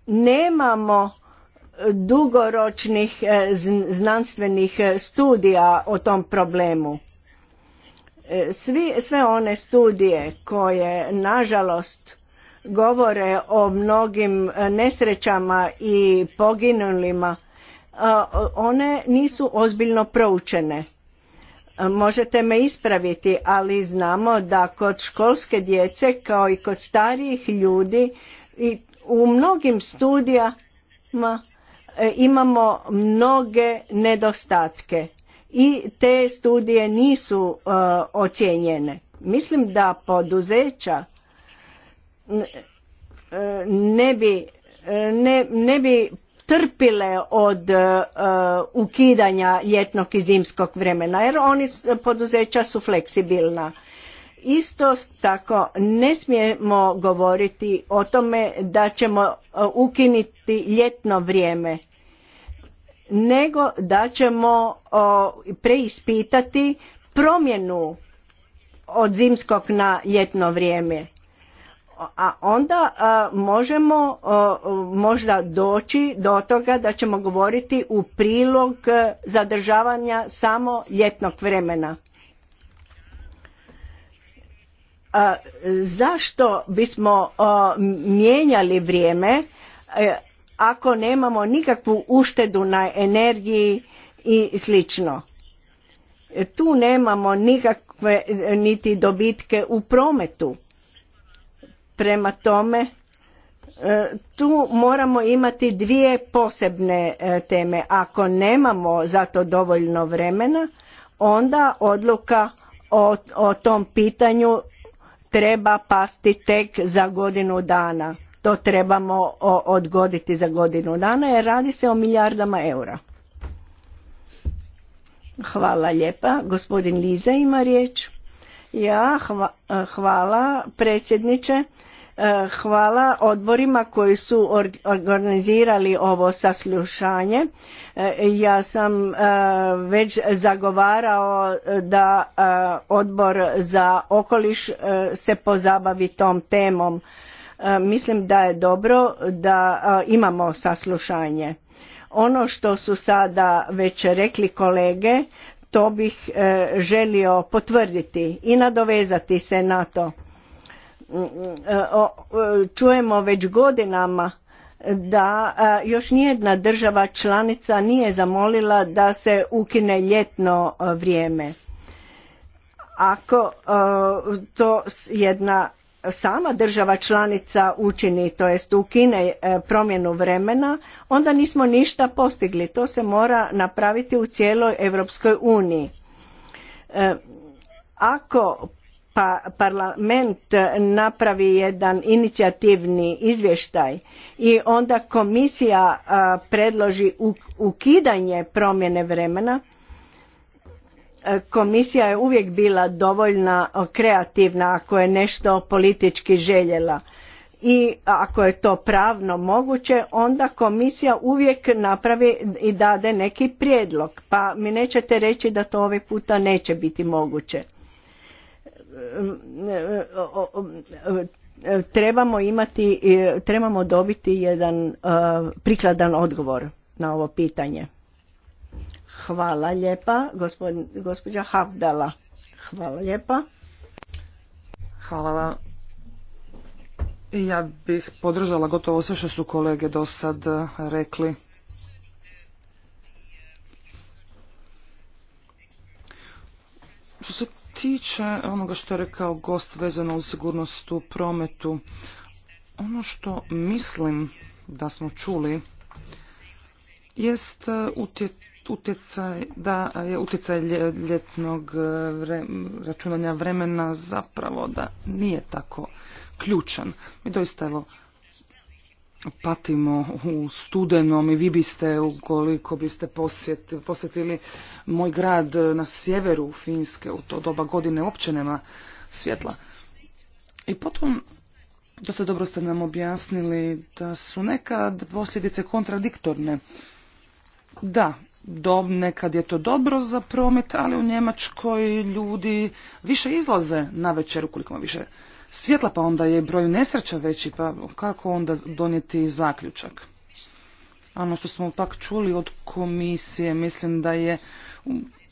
nemamo dugoročnih e, znanstvenih e, studija o tom problemu. E, sve one studije koje nažalost govore o mnogim nesrećama i poginulima, one nisu ozbiljno proučene. Možete me ispraviti, ali znamo da kod školske djece kao i kod starijih ljudi i u mnogim studijama E, imamo mnoge nedostatke i te studije nisu uh, ocijenjene. Mislim da poduzeća e, ne bi, ne, ne bi trpile od ukidanja ljetnog i zimskog vremena jer oni poduzeća su fleksibilna Isto tako ne smijemo govoriti o tome da ćemo e, ukinuti ljetno vrijeme, nego da ćemo preispitati promjenu od zimskog na ljetno vrijeme. A onda e, možemo možda doći do toga da ćemo govoriti u prilog zadržavanja samo ljetnog vremena zašto bismo mijenjali vrijeme e, ako nemamo nikakvu uštedu na energiji i slično e, tu nemamo nikakve niti dobitke u prometu prema tome e, tu moramo imati dvije posebne teme ako nemamo za to dovoljno vremena onda odluka o, o tom pitanju treba pasti tek za godinu dana. To trebamo odgoditi za godinu dana jer radi se o milijardama eura. Hvala lijepa. Gospodin Liza ima riječ. Ja, hvala predsjedniče. E, hvala odborima koji su organizirali ovo saslušanje. E, ja sam e, već zagovarao da odbor za okoliš se pozabavi tom temom. Mislim da je dobro da imamo saslušanje. Ono što su sada već rekli kolege, to bih želio potvrditi i nadovezati se na to čujemo već godinama da još nijedna država članica nije zamolila da se ukine ljetno vrijeme. Ako to jedna sama država članica učini, to jest ukine promjenu vremena, onda nismo ništa postigli. To se mora napraviti u cijeloj Europskoj uniji. Ako pa parlament napravi jedan inicijativni izvještaj i onda komisija predloži ukidanje promjene vremena komisija je uvijek bila dovoljna kreativna ako je nešto politički željela i ako je to pravno moguće onda komisija uvijek napravi i dade neki prijedlog pa mi nećete reći da to ovaj puta neće biti moguće trebamo imati trebamo dobiti jedan e, prikladan odgovor na ovo pitanje hvala lijepa gospođa Havdala hvala lijepa hvala ja bih podržala gotovo sve što su kolege do sad e, rekli Što se tiče onoga što je rekao gost vezano uz sigurnost u prometu, ono što mislim da smo čuli jest e, utjecaj, da je utjecaj ljetnog e, računanja vremena zapravo da nije tako ključan. Mi doista evo patimo u studenom i vi biste, ukoliko biste posjetili moj grad na sjeveru Finske, u to doba godine uopće nema svjetla. I potom, to se dobro ste nam objasnili, da su nekad posljedice kontradiktorne. Da, do nekad je to dobro za promet, ali u Njemačkoj ljudi više izlaze na večer ukoliko ima više svjetla, pa onda je broj nesreća veći, pa kako onda donijeti zaključak? Ono što smo pak čuli od komisije, mislim da je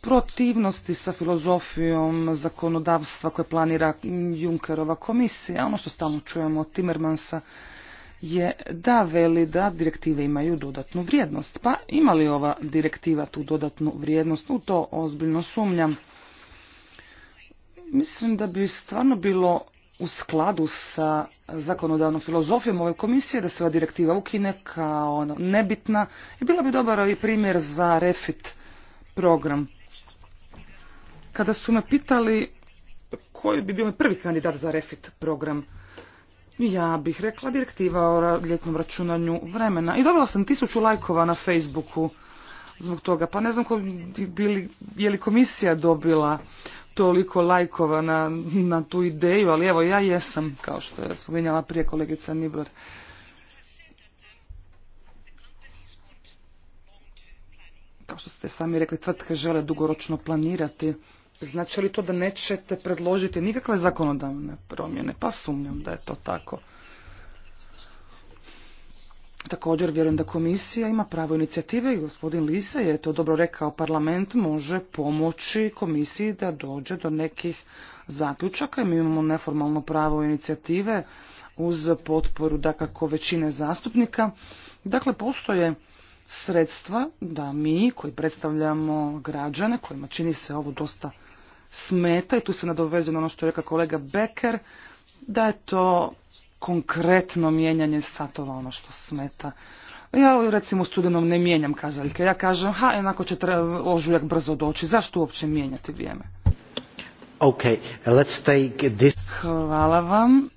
protivnosti sa filozofijom zakonodavstva koje planira Junckerova komisija, ono što stalno čujemo od Timmermansa, je da veli da direktive imaju dodatnu vrijednost. Pa ima li ova direktiva tu dodatnu vrijednost? U to ozbiljno sumnjam. Mislim da bi stvarno bilo u skladu sa zakonodavnom filozofijom ove komisije da se ova direktiva ukine kao ono nebitna i bila bi dobar i primjer za refit program. Kada su me pitali koji bi bio prvi kandidat za refit program, ja bih rekla direktiva o ljetnom računanju vremena i dobila sam tisuću lajkova na Facebooku zbog toga. Pa ne znam ko, bili, je li komisija dobila toliko lajkova na, na tu ideju, ali evo ja jesam, kao što je spominjala prije kolegica Nibler. Kao što ste sami rekli, tvrtke žele dugoročno planirati. Znači li to da nećete predložiti nikakve zakonodavne promjene? Pa sumnjam da je to tako. Također vjerujem da komisija ima pravo inicijative i gospodin Lise je to dobro rekao, parlament može pomoći komisiji da dođe do nekih zaključaka i mi imamo neformalno pravo inicijative uz potporu dakako većine zastupnika. Dakle, postoje sredstva da mi koji predstavljamo građane, kojima čini se ovo dosta smeta i tu se nadovezuje na ono što je rekao kolega Becker, da je to konkretno mijenjanje satova, ono što smeta. Ja recimo studenom ne mijenjam kazaljke, ja kažem, ha, enako će ožujak brzo doći, zašto uopće mijenjati vrijeme? Okay, let's take this. Hvala vam.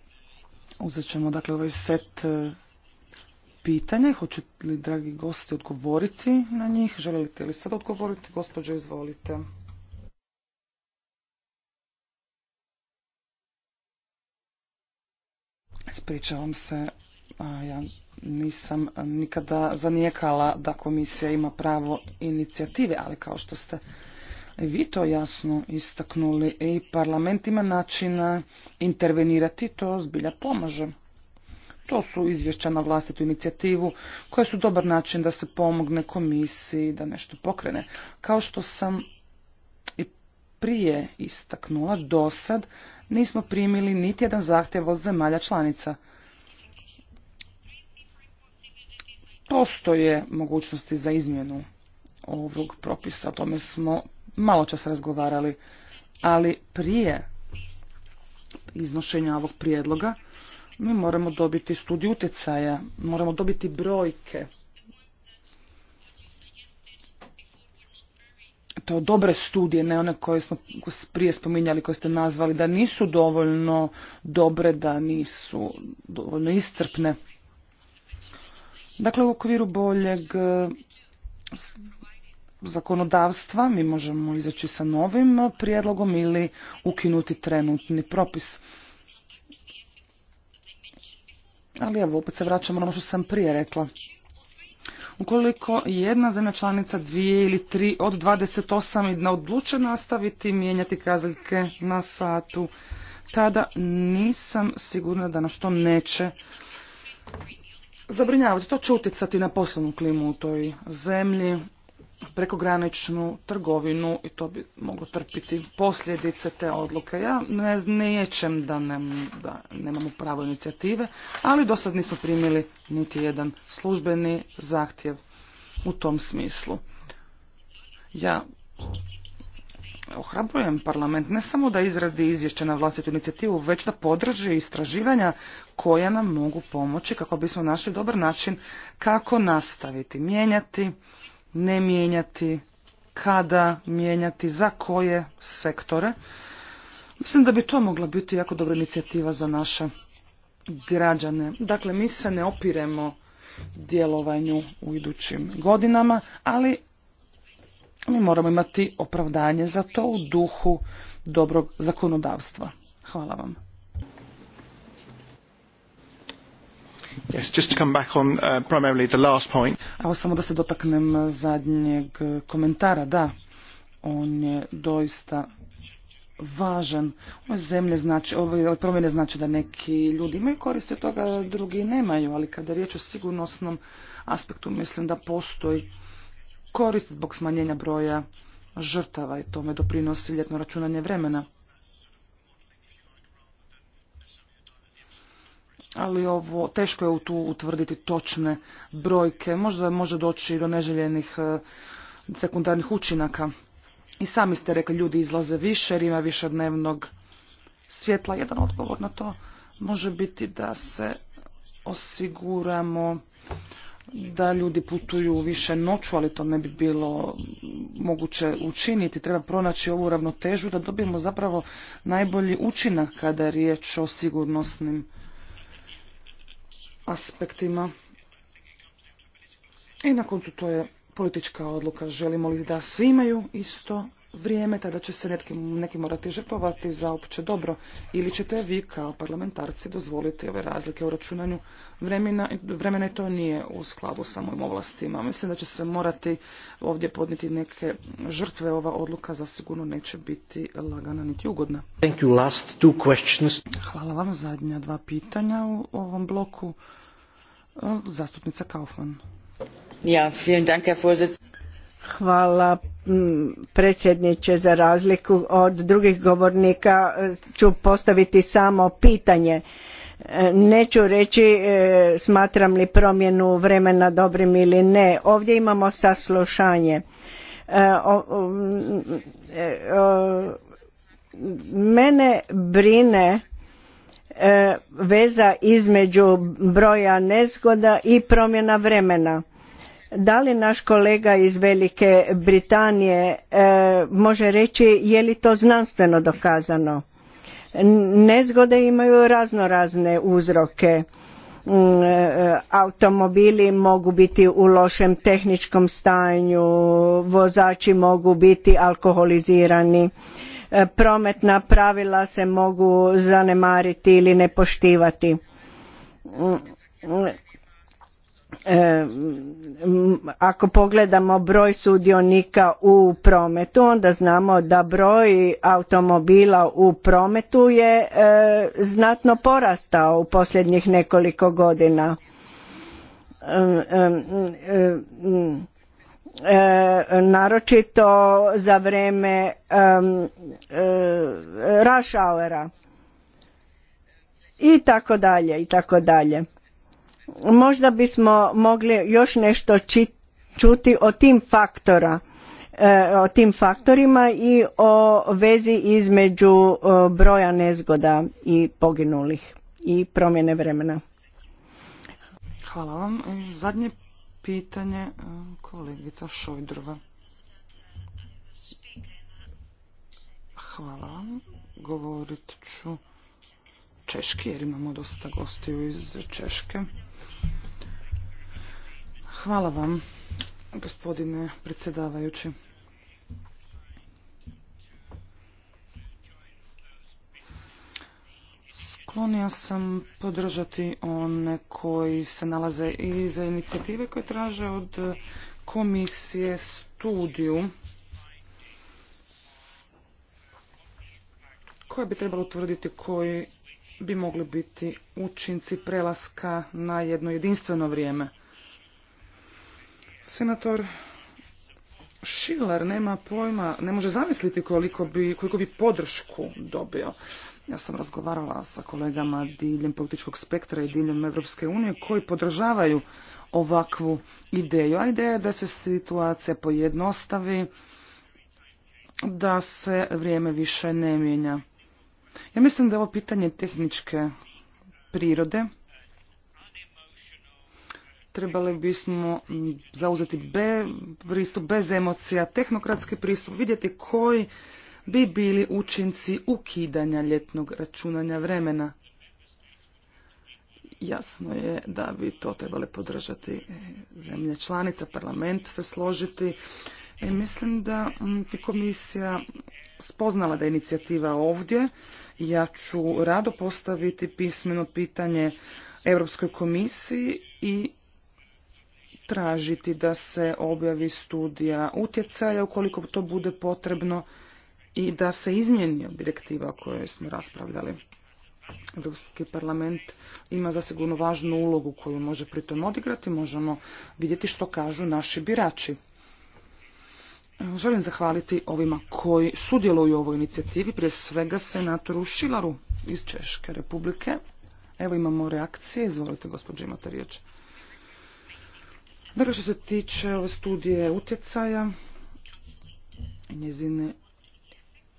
Uzet ćemo dakle ovaj set e, pitanja. Hoće li dragi gosti odgovoriti na njih? Želite li sad odgovoriti? Gospodže, izvolite. Ispričavam se, ja nisam nikada zanijekala da komisija ima pravo inicijative, ali kao što ste vi to jasno istaknuli i parlament ima načina intervenirati, to zbilja pomaže. To su izvješća na vlastitu inicijativu koje su dobar način da se pomogne komisiji da nešto pokrene. Kao što sam i prije istaknula, do sad nismo primili niti jedan zahtjev od zemalja članica. Postoje mogućnosti za izmjenu ovog propisa, o tome smo malo čas razgovarali, ali prije iznošenja ovog prijedloga mi moramo dobiti studiju utjecaja, moramo dobiti brojke to dobre studije, ne one koje smo prije spominjali, koje ste nazvali, da nisu dovoljno dobre, da nisu dovoljno iscrpne. Dakle, u okviru boljeg eh, zakonodavstva mi možemo izaći sa novim prijedlogom ili ukinuti trenutni propis. Ali evo, opet se vraćamo na ono što sam prije rekla. Ukoliko jedna zemlja članica, dvije ili tri od 28 na odluče nastaviti mijenjati kazaljke na satu, tada nisam sigurna da nas to neće zabrinjavati. To će utjecati na poslovnu klimu u toj zemlji, prekograničnu trgovinu i to bi moglo trpiti posljedice te odluke. Ja ne znam da, nemam nemamo pravo inicijative, ali dosad nismo primili niti jedan službeni zahtjev u tom smislu. Ja ohrabrujem parlament ne samo da izradi izvješće na vlastitu inicijativu, već da podrži istraživanja koja nam mogu pomoći kako bismo našli dobar način kako nastaviti, mijenjati ne mijenjati, kada mijenjati, za koje sektore. Mislim da bi to mogla biti jako dobra inicijativa za naše građane. Dakle, mi se ne opiremo djelovanju u idućim godinama, ali mi moramo imati opravdanje za to u duhu dobrog zakonodavstva. Hvala vam. Yes, just to come uh, Evo samo da se dotaknem uh, zadnjeg uh, komentara, da, on je doista važan. Ove zemlje znači, ove promjene znači da neki ljudi imaju koriste od toga, drugi nemaju, ali kada je riječ o sigurnosnom aspektu mislim da postoji korist zbog smanjenja broja žrtava i tome doprinosi ljetno računanje vremena. ali ovo teško je tu utvrditi točne brojke. Možda može doći do neželjenih e, sekundarnih učinaka. I sami ste rekli, ljudi izlaze više jer ima više dnevnog svjetla. Jedan odgovor na to može biti da se osiguramo da ljudi putuju više noću, ali to ne bi bilo moguće učiniti. Treba pronaći ovu ravnotežu da dobijemo zapravo najbolji učinak kada je riječ o sigurnosnim aspektima. I na koncu to je politička odluka. Želimo li da svi imaju isto vrijeme tada će se neki, morati žrtvovati za opće dobro ili ćete vi kao parlamentarci dozvoliti ove razlike u računanju vremena, vremena i to nije u skladu sa mojim ovlastima. Mislim da će se morati ovdje podniti neke žrtve. Ova odluka zasigurno neće biti lagana niti ugodna. Thank you. Last two questions. Hvala vam. Zadnja dva pitanja u ovom bloku. Zastupnica Kaufman. Ja, vielen Dank, Herr Hvala predsjedniče za razliku od drugih govornika ću postaviti samo pitanje. E, neću reći e, smatram li promjenu vremena dobrim ili ne. Ovdje imamo saslušanje. E, mene brine veza između broja nezgoda i promjena vremena da li naš kolega iz Velike Britanije e, može reći je li to znanstveno dokazano? Nezgode imaju razno razne uzroke. Mm, e, automobili mogu biti u lošem tehničkom stanju, vozači mogu biti alkoholizirani, e, prometna pravila se mogu zanemariti ili ne poštivati mm, mm, ako pogledamo broj sudionika u prometu onda znamo da broj automobila u prometu je e, znatno porastao u posljednjih nekoliko godina e, naročito za vrijeme e, rush houra i tako dalje i tako dalje Možda bismo mogli još nešto čuti o tim faktora e, o tim faktorima i o vezi između e, broja nezgoda i poginulih i promjene vremena. Hvala vam. Zadnje pitanje e, kolegica Šojdrova. Hvala vam. Govorit ću češki jer imamo dosta gostiju iz Češke. Hvala vam, gospodine predsjedavajući. Sklonija sam podržati one koji se nalaze i za inicijative koje traže od komisije studiju koja bi trebala utvrditi koji bi mogli biti učinci prelaska na jedno jedinstveno vrijeme. Senator Schiller nema pojma, ne može zamisliti koliko bi, koliko bi podršku dobio. Ja sam razgovarala sa kolegama diljem političkog spektra i diljem Europske unije koji podržavaju ovakvu ideju. A ideja je da se situacija pojednostavi, da se vrijeme više ne mijenja. Ja mislim da je ovo pitanje tehničke prirode trebali bismo zauzeti be, pristup bez emocija, tehnokratski pristup, vidjeti koji bi bili učinci ukidanja ljetnog računanja vremena. Jasno je da bi to trebali podržati e, zemlje članica, parlament se složiti. E, mislim da mm, komisija spoznala da je inicijativa ovdje. Ja ću rado postaviti pismeno pitanje Europskoj komisiji i tražiti da se objavi studija utjecaja ukoliko to bude potrebno i da se izmjeni direktiva o kojoj smo raspravljali. Europski parlament ima zasigurno važnu ulogu koju može pritom odigrati, možemo vidjeti što kažu naši birači. Želim zahvaliti ovima koji sudjeluju u ovoj inicijativi, prije svega senatoru Šilaru iz Češke republike. Evo imamo reakcije, izvolite gospođo imate riječ. Dakle, što se tiče ove studije utjecaja i njezine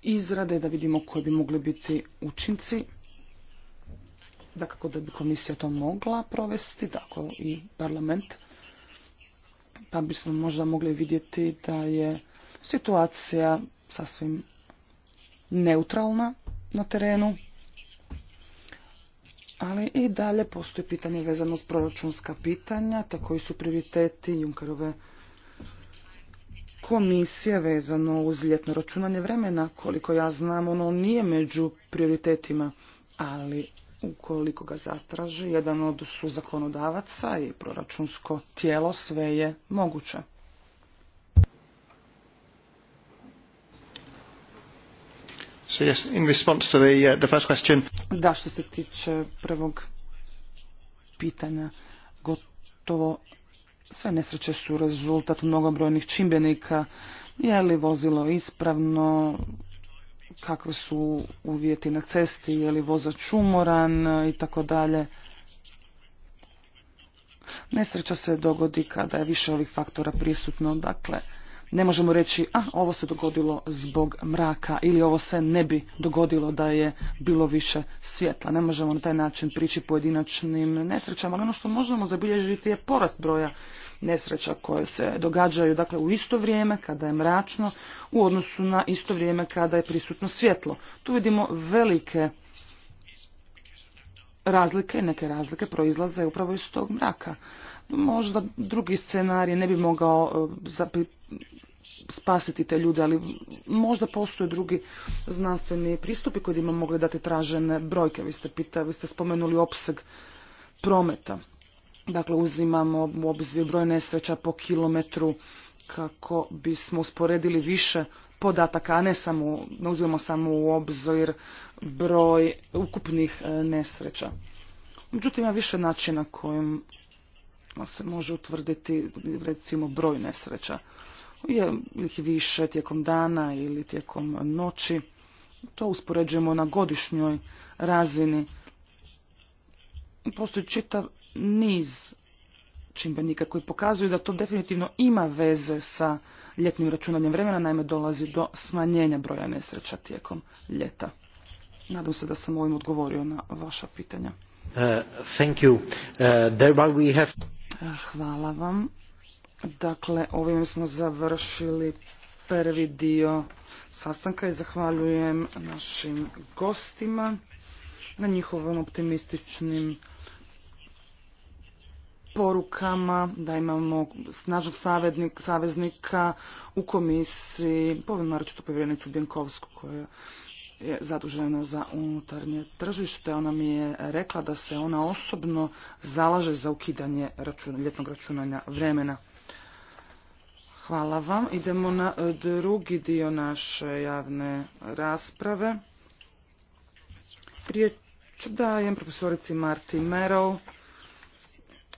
izrade, da vidimo koje bi mogli biti učinci, da kako da bi komisija to mogla provesti, tako i parlament, pa bismo možda mogli vidjeti da je situacija sasvim neutralna na terenu, ali i dalje postoji pitanje vezano s proračunska pitanja, tako i su prioriteti Junkerove komisije vezano uz ljetno računanje vremena. Koliko ja znam, ono nije među prioritetima, ali ukoliko ga zatraži jedan od su zakonodavaca i proračunsko tijelo, sve je moguće. Da, što se tiče prvog pitanja, gotovo sve nesreće su rezultat mnogobrojnih čimbenika. Je li vozilo ispravno, kakvi su uvjeti na cesti, je li vozač umoran i tako dalje. Nesreća se dogodi kada je više ovih faktora prisutno, dakle, ne možemo reći, a ovo se dogodilo zbog mraka ili ovo se ne bi dogodilo da je bilo više svjetla. Ne možemo na taj način prići pojedinačnim nesrećama, ali ono što možemo zabilježiti je porast broja nesreća koje se događaju dakle, u isto vrijeme kada je mračno u odnosu na isto vrijeme kada je prisutno svjetlo. Tu vidimo velike razlike, neke razlike proizlaze upravo iz tog mraka. Možda drugi scenarij ne bi mogao e, spasiti te ljude, ali možda postoje drugi znanstveni pristupi koji ima mogli dati tražene brojke. Vi ste, pita, vi ste spomenuli opseg prometa. Dakle, uzimamo u obzir broj nesreća po kilometru kako bismo usporedili više podataka, a ne samo, ne uzimamo samo u obzir broj ukupnih e, nesreća. Međutim, ima više načina kojim se može utvrditi recimo broj nesreća. Je ih više tijekom dana ili tijekom noći. To uspoređujemo na godišnjoj razini. Postoji čitav niz čimbenika koji pokazuju da to definitivno ima veze sa ljetnim računanjem vremena, naime dolazi do smanjenja broja nesreća tijekom ljeta. Nadam se da sam ovim odgovorio na vaša pitanja. Uh, uh, Hvala vam. Dakle, ovim smo završili prvi dio sastanka i zahvaljujem našim gostima na njihovom optimističnim porukama, da imamo snažnog saveznika u komisiji, povim naročito povjerenicu Bjenkovsku koja je zadužena za unutarnje tržište. Ona mi je rekla da se ona osobno zalaže za ukidanje ljetnog računanja vremena. Hvala vam. Idemo na e, drugi dio naše javne rasprave. Prije dajem profesorici Marti Merov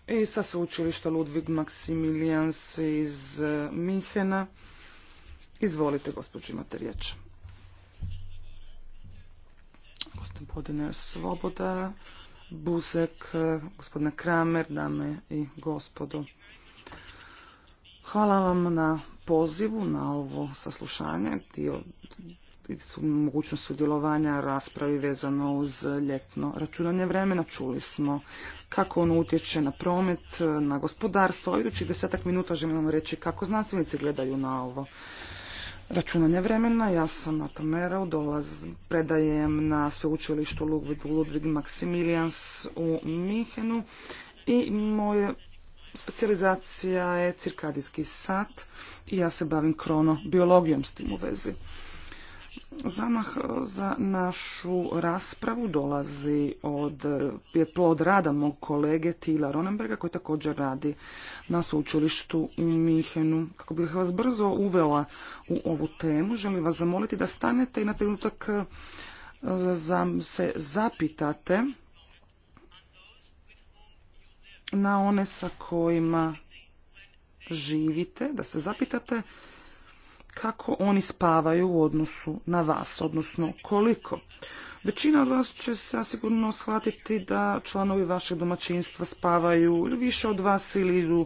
i sa sveučilišta Ludvig Maximilians iz e, Minhena. Izvolite, gospođo, imate riječ gospodine Svoboda, Buzek, gospodine Kramer, dame i gospodo. Hvala vam na pozivu na ovo saslušanje su mogućnost sudjelovanja raspravi vezano uz ljetno računanje vremena. Čuli smo kako ono utječe na promet, na gospodarstvo. Idući desetak minuta želim vam reći kako znanstvenici gledaju na ovo računanje vremena. Ja sam Atamerau, dolaz, predajem na sveučilištu Ludwig, Ludwig Maximilians u Mihenu i moje specializacija je cirkadijski sat i ja se bavim kronobiologijom s tim u vezi. Zamah e, za našu raspravu dolazi od, plod rada mog kolege Tila Ronenberga koji također radi na sveučilištu u Mihenu. Kako bih vas brzo uvela u ovu temu, želim vas zamoliti da stanete i na trenutak e, se zapitate na one sa kojima živite, da se zapitate kako oni spavaju u odnosu na vas, odnosno koliko. Većina od vas će se sigurno shvatiti da članovi vašeg domaćinstva spavaju više od vas ili idu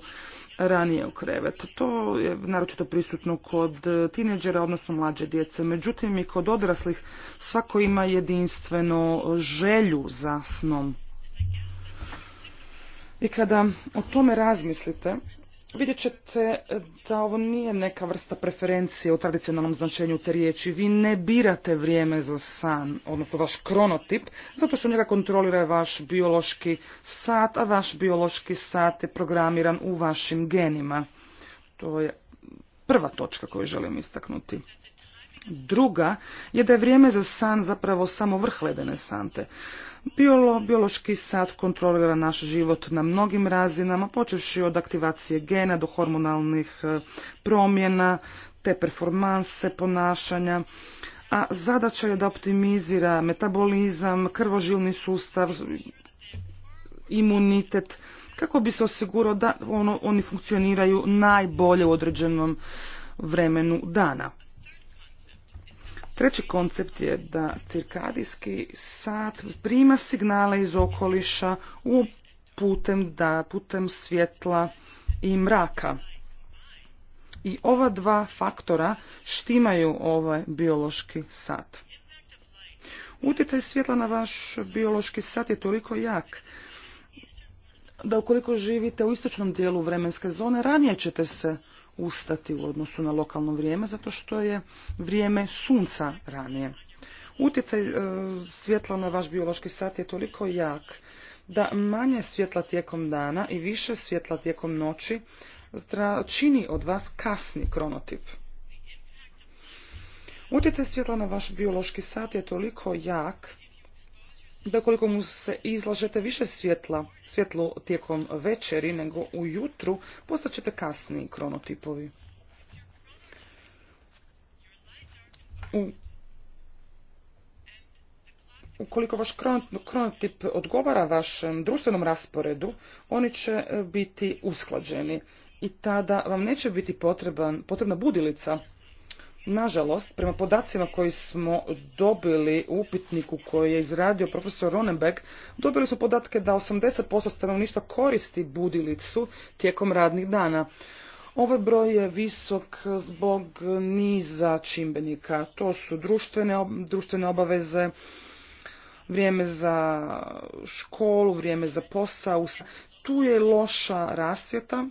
ranije u krevet. To je naročito prisutno kod tineđera, odnosno mlađe djece. Međutim, i kod odraslih svako ima jedinstveno želju za snom. I kada o tome razmislite, Vidjet ćete e, da ovo nije neka vrsta preferencije u tradicionalnom značenju te riječi. Vi ne birate vrijeme za san, odnosno vaš kronotip, zato što njega kontrolira vaš biološki sat, a vaš biološki sat je programiran u vašim genima. To je prva točka koju želim istaknuti. Druga je da je vrijeme za san zapravo samo vrh ledene sante. Biolo, biološki sat kontrolira naš život na mnogim razinama, počevši od aktivacije gena do hormonalnih e, promjena, te performanse ponašanja, a zadaća je da optimizira metabolizam, krvožilni sustav, imunitet, kako bi se osigurao da ono, oni funkcioniraju najbolje u određenom vremenu dana. Treći koncept je da cirkadijski sat prima signale iz okoliša u putem, da, putem svjetla i mraka. I ova dva faktora štimaju ovaj biološki sat. Utjecaj svjetla na vaš biološki sat je toliko jak da ukoliko živite u istočnom dijelu vremenske zone, ranije ćete se ustati u odnosu na lokalno vrijeme zato što je vrijeme sunca ranije. Utjecaj e, svjetla na vaš biološki sat je toliko jak da manje svjetla tijekom dana i više svjetla tijekom noći čini od vas kasni kronotip. Utjecaj svjetla na vaš biološki sat je toliko jak da koliko mu se izlažete više svjetla, svjetlu tijekom večeri nego ujutru, postaćete kasniji kronotipovi. U ukoliko vaš kronotip odgovara vašem društvenom rasporedu, oni će e, biti usklađeni i tada vam neće biti potreban, potrebna budilica Nažalost, prema podacima koji smo dobili u upitniku koji je izradio profesor Ronenberg, dobili su podatke da 80% stanovništva koristi budilicu tijekom radnih dana. Ovaj broj je visok zbog niza čimbenika. To su društvene, društvene obaveze, vrijeme za školu, vrijeme za posao. Tu je loša rasvjeta,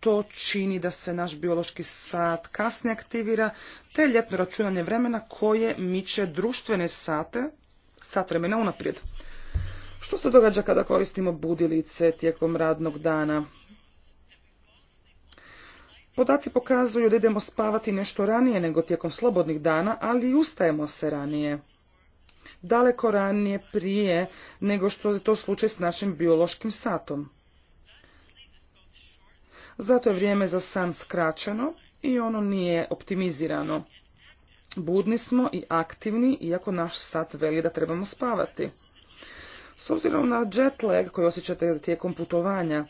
to čini da se naš biološki sat kasnije aktivira, te ljetno računanje vremena koje miče društvene sate, sat vremena unaprijed. Što se događa kada koristimo budilice tijekom radnog dana? Podaci pokazuju da idemo spavati nešto ranije nego tijekom slobodnih dana, ali i ustajemo se ranije. Daleko ranije prije nego što je to slučaj s našim biološkim satom. Zato je vrijeme za san skraćeno i ono nije optimizirano. Budni smo i aktivni, iako naš sat veli da trebamo spavati. S obzirom na jet lag koji osjećate tijekom putovanja,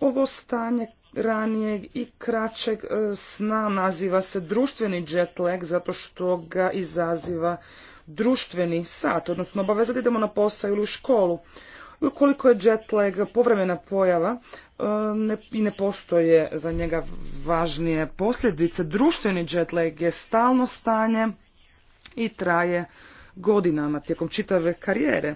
ovo stanje ranijeg i kraćeg e, sna naziva se društveni jet lag zato što ga izaziva društveni sat, odnosno obaveza da idemo na posao ili u školu. Ukoliko je jet lag povremena pojava um, i ne postoje za njega važnije posljedice. Društveni jet lag je stalno stanje i traje godinama tijekom čitave karijere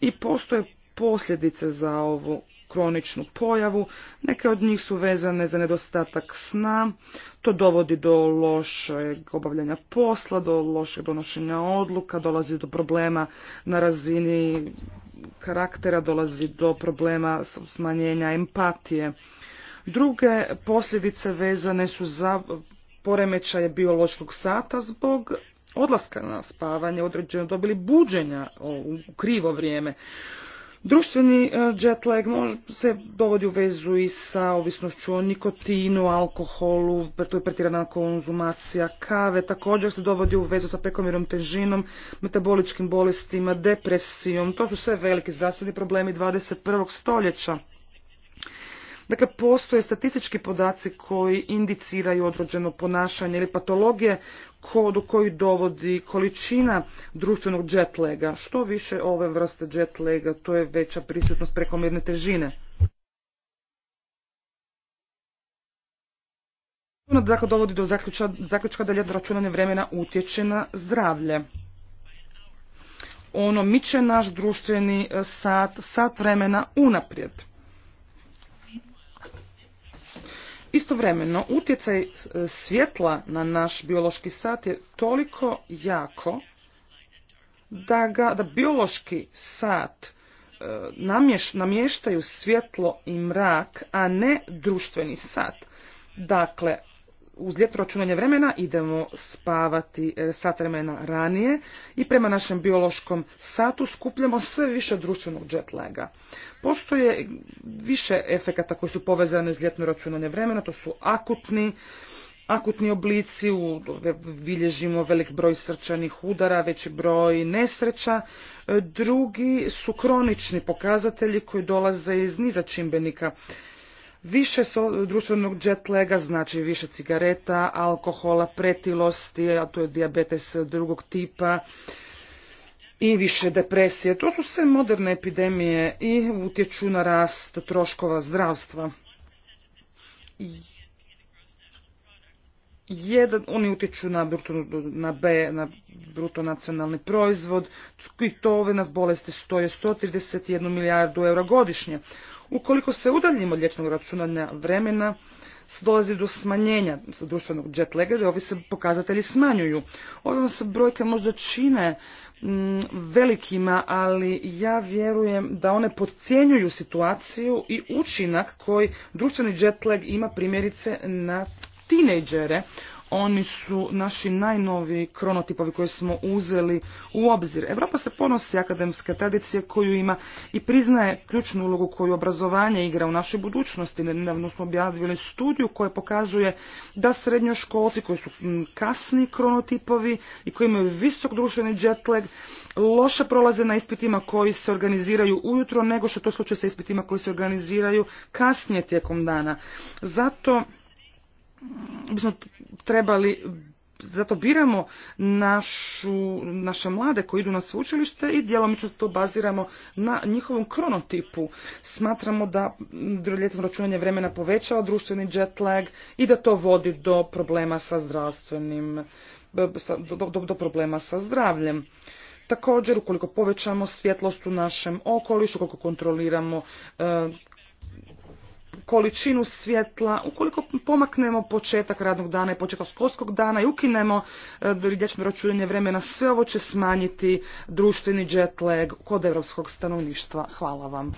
i postoje posljedice za ovu kroničnu pojavu, neke od njih su vezane za nedostatak sna, to dovodi do lošeg obavljanja posla, do lošeg donošenja odluka, dolazi do problema na razini karaktera, dolazi do problema smanjenja empatije. Druge posljedice vezane su za poremećaje biološkog sata zbog odlaska na spavanje, određeno dobili buđenja u krivo vrijeme. Društveni e, jet lag se dovodi u vezu i sa ovisnošću o nikotinu, alkoholu, to je pretirana konzumacija kave, također se dovodi u vezu sa prekomjernom težinom, metaboličkim bolestima, depresijom, to su sve veliki zdravstveni problemi 21. stoljeća. Dakle, postoje statistički podaci koji indiciraju određeno ponašanje ili patologije u koji dovodi količina društvenog jetlaga. Što više ove vrste jetlaga, to je veća prisutnost prekomjerne težine. Dakle, dovodi do zaključka da do računanje vremena utječe na zdravlje. Ono miče naš društveni e, sat, sat vremena unaprijed. Istovremeno, utjecaj e, svjetla na naš biološki sat je toliko jako da, ga, da biološki sat e, namještaju svjetlo i mrak, a ne društveni sat. Dakle, uz ljetno računanje vremena idemo spavati e, sat vremena ranije i prema našem biološkom satu skupljamo sve više društvenog laga. Postoje više efekata koji su povezani uz ljetno računanje vremena, to su akutni, akutni oblici, bilježimo velik broj srčanih udara, veći broj nesreća. E, drugi su kronični pokazatelji koji dolaze iz niza čimbenika više društvenog jetlaga, znači više cigareta, alkohola, pretilosti, a to je diabetes drugog tipa i više depresije. To su sve moderne epidemije i utječu na rast troškova zdravstva. Jedan, oni utječu na bruto, na, B, na bruto nacionalni proizvod i to ove nas bolesti stoje 131 milijardu eura godišnje. Ukoliko se udaljimo od liječnog računanja vremena, dolazi do smanjenja društvenog jet laga, ovi se pokazatelji smanjuju. Ove se brojke možda čine mm, velikima, ali ja vjerujem da one podcjenjuju situaciju i učinak koji društveni jet lag ima primjerice na tinejdžere oni su naši najnoviji kronotipovi koje smo uzeli u obzir. Europa se ponosi akademske tradicije koju ima i priznaje ključnu ulogu koju obrazovanje igra u našoj budućnosti. Nedavno smo objavili studiju koja pokazuje da srednjoškolci koji su kasni kronotipovi i koji imaju visok društveni jetlag loše prolaze na ispitima koji se organiziraju ujutro nego što to slučaj sa ispitima koji se organiziraju kasnije tijekom dana. Zato bismo trebali, zato biramo naše mlade koji idu na sveučilište i djelomično to baziramo na njihovom kronotipu. Smatramo da ljetno računanje vremena povećava društveni jet lag i da to vodi do problema sa zdravstvenim, do, do, problema sa zdravljem. Također, ukoliko povećamo svjetlost u našem okolišu, ukoliko kontroliramo e, količinu svjetla, ukoliko pomaknemo početak radnog dana i početak školskog dana i ukinemo e, dječno računjenje vremena, sve ovo će smanjiti društveni jet lag kod evropskog stanovništva. Hvala vam.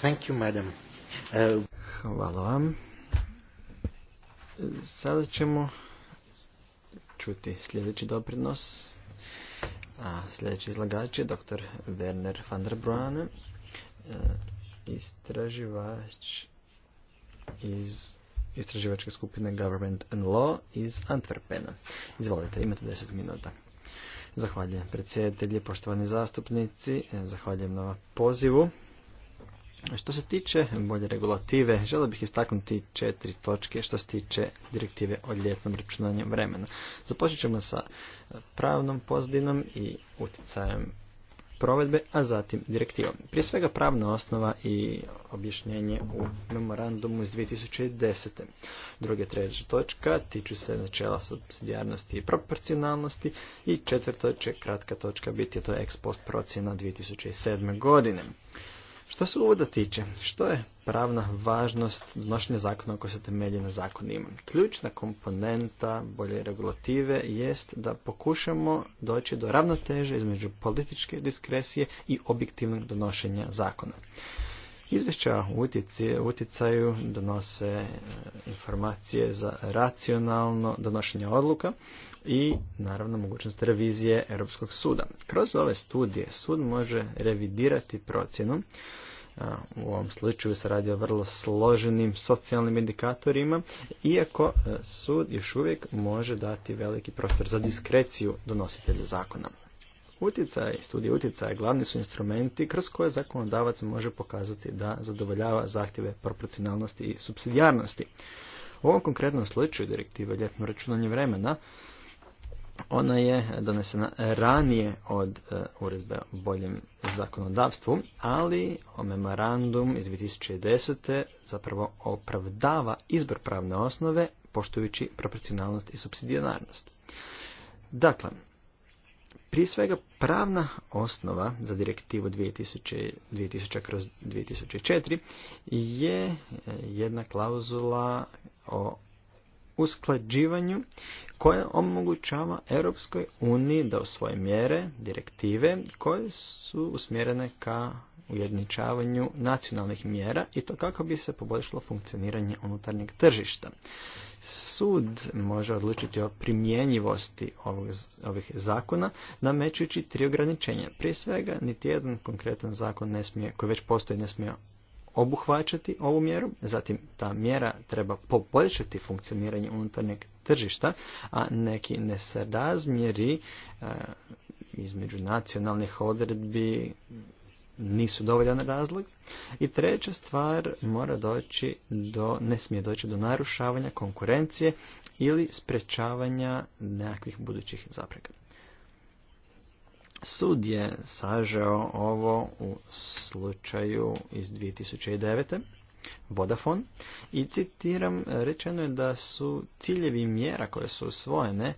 Thank you, madam. E, Hvala vam. Sada ćemo čuti sljedeći doprinos a sljedeći izlagač je dr. Werner van der Braane, istraživač iz istraživačke skupine Government and Law iz Antwerpena. Izvolite, imate 10 minuta. Zahvaljujem predsjedatelji, poštovani zastupnici, e, zahvaljujem na pozivu. Što se tiče bolje regulative, želio bih istaknuti četiri točke što se tiče direktive o ljetnom računanju vremena. Započet ćemo sa pravnom pozdinom i utjecajem provedbe, a zatim direktivom. Prije svega pravna osnova i objašnjenje u memorandumu iz 2010. Druga treća točka tiču se načela subsidijarnosti i proporcionalnosti i četvrta će kratka točka biti to je ex post procjena 2007. godine. Što se uvoda tiče, što je pravna važnost donošenja zakona ako se temelji na zakonima? Ključna komponenta bolje regulative jest da pokušamo doći do ravnoteže između političke diskresije i objektivnog donošenja zakona. Izvješća u utjecaju donose e, informacije za racionalno donošenje odluka i naravno mogućnost revizije Europskog suda. Kroz ove studije sud može revidirati procjenu u ovom slučaju se radi o vrlo složenim socijalnim indikatorima, iako e, sud još uvijek može dati veliki prostor za diskreciju donositelja zakona. Utjecaj, studije utjecaja glavni su instrumenti kroz koje zakonodavac može pokazati da zadovoljava zahtjeve proporcionalnosti i subsidijarnosti. U ovom konkretnom slučaju direktive ljetno računanje vremena ona je donesena ranije od e, uredbe o boljem zakonodavstvu, ali o memorandum iz 2010. zapravo opravdava izbor pravne osnove poštujući proporcionalnost i subsidijarnost. Dakle, prije svega pravna osnova za direktivu 2000, kroz 2004 je e, jedna klauzula o usklađivanju koje omogućava Europskoj uniji da osvoje mjere, direktive koje su usmjerene ka ujedničavanju nacionalnih mjera i to kako bi se poboljšalo funkcioniranje unutarnjeg tržišta. Sud može odlučiti o primjenjivosti ovih zakona namećujući tri ograničenja. Prije svega, niti jedan konkretan zakon ne smije, koji već postoji ne smije obuhvaćati ovu mjeru, zatim ta mjera treba poboljšati funkcioniranje unutarnjeg tržišta, a neki nesrazmjeri e, između nacionalnih odredbi nisu dovoljan razlog. I treća stvar mora doći do, ne smije doći do narušavanja konkurencije ili sprečavanja nekakvih budućih zapreka. Sud je sažeo ovo u slučaju iz 2009. Vodafone i citiram, rečeno je da su ciljevi mjera koje su usvojene e,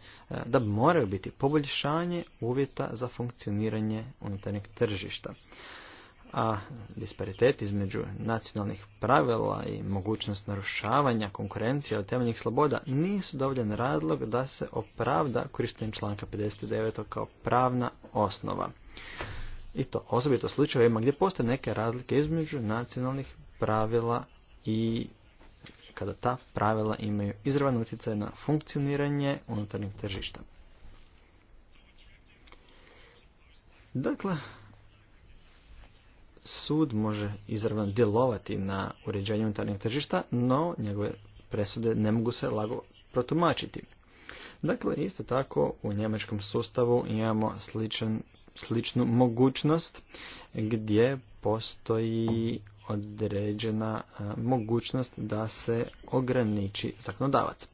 da moraju biti poboljšanje uvjeta za funkcioniranje unutarnjeg tržišta a disparitet između nacionalnih pravila i mogućnost narušavanja konkurencije od temeljnih sloboda nisu dovoljan razlog da se opravda korištenje članka 59. kao pravna osnova. I to osobito slučajevima gdje postoje neke razlike između nacionalnih pravila i kada ta pravila imaju izravan utjecaj na funkcioniranje unutarnjeg tržišta. Dakle, sud može izravno djelovati na uređenju unutarnjeg tržišta, no njegove presude ne mogu se lago protumačiti. Dakle, isto tako u njemačkom sustavu imamo sličan, sličnu mogućnost gdje postoji određena mogućnost da se ograniči zakonodavac.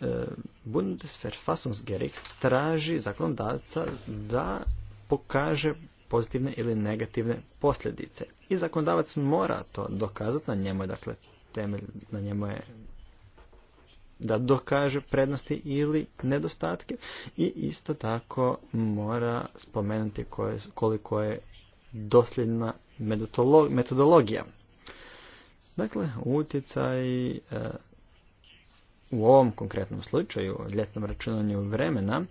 E, Bundesverfassungsgericht traži zakonodavca da pokaže pozitivne ili negativne posljedice. I zakonodavac mora to dokazati, na njemu je dakle temelj, na njemu je da dokaže prednosti ili nedostatke i isto tako mora spomenuti koliko je dosljedna metodologija. Dakle, utjecaj e, u ovom konkretnom slučaju, ljetnom računanju vremena,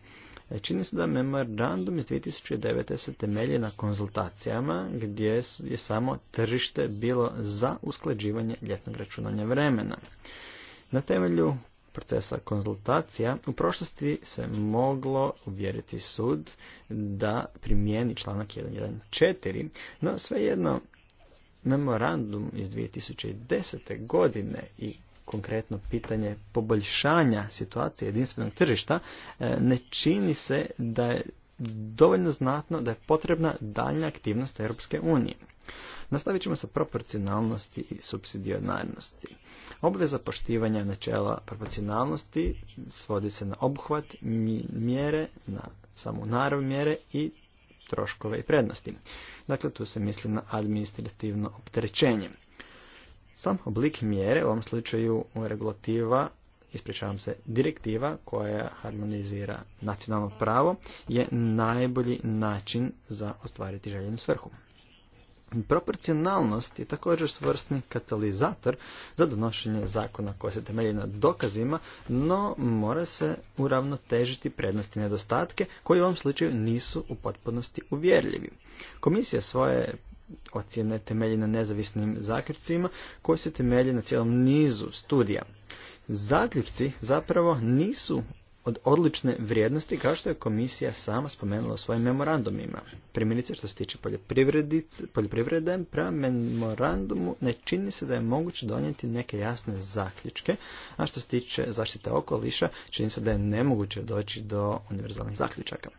E, čini se da memorandum iz 2009. se temelji na konzultacijama gdje je samo tržište bilo za usklađivanje ljetnog računanja vremena. Na temelju procesa konzultacija u prošlosti se moglo uvjeriti sud da primijeni članak 1.1.4, no svejedno memorandum iz 2010. godine i konkretno pitanje poboljšanja situacije jedinstvenog tržišta, e, ne čini se da je dovoljno znatno da je potrebna daljnja aktivnost Europske unije. Nastavit ćemo sa proporcionalnosti i supsidijarnosti. Obveza poštivanja načela proporcionalnosti svodi se na obuhvat mjere, na samu narav mjere i troškove i prednosti. Dakle, tu se misli na administrativno opterećenje. Sam oblik mjere, u ovom slučaju regulativa, ispričavam se, direktiva koja harmonizira nacionalno pravo, je najbolji način za ostvariti željenu svrhu. Proporcionalnost je također svrstni katalizator za donošenje zakona koje se temelji na dokazima, no mora se uravnotežiti prednosti i nedostatke koji u ovom slučaju nisu u potpunosti uvjerljivi. Komisija svoje ocjene temelji na nezavisnim zaključcima koji se temelji na cijelom nizu studija. Zaključci zapravo nisu od odlične vrijednosti kao što je komisija sama spomenula u svojim memorandumima. Primjerice što se tiče poljoprivrede, prema memorandumu ne čini se da je moguće donijeti neke jasne zaključke, a što se tiče zaštite okoliša čini se da je nemoguće doći do univerzalnih zaključaka.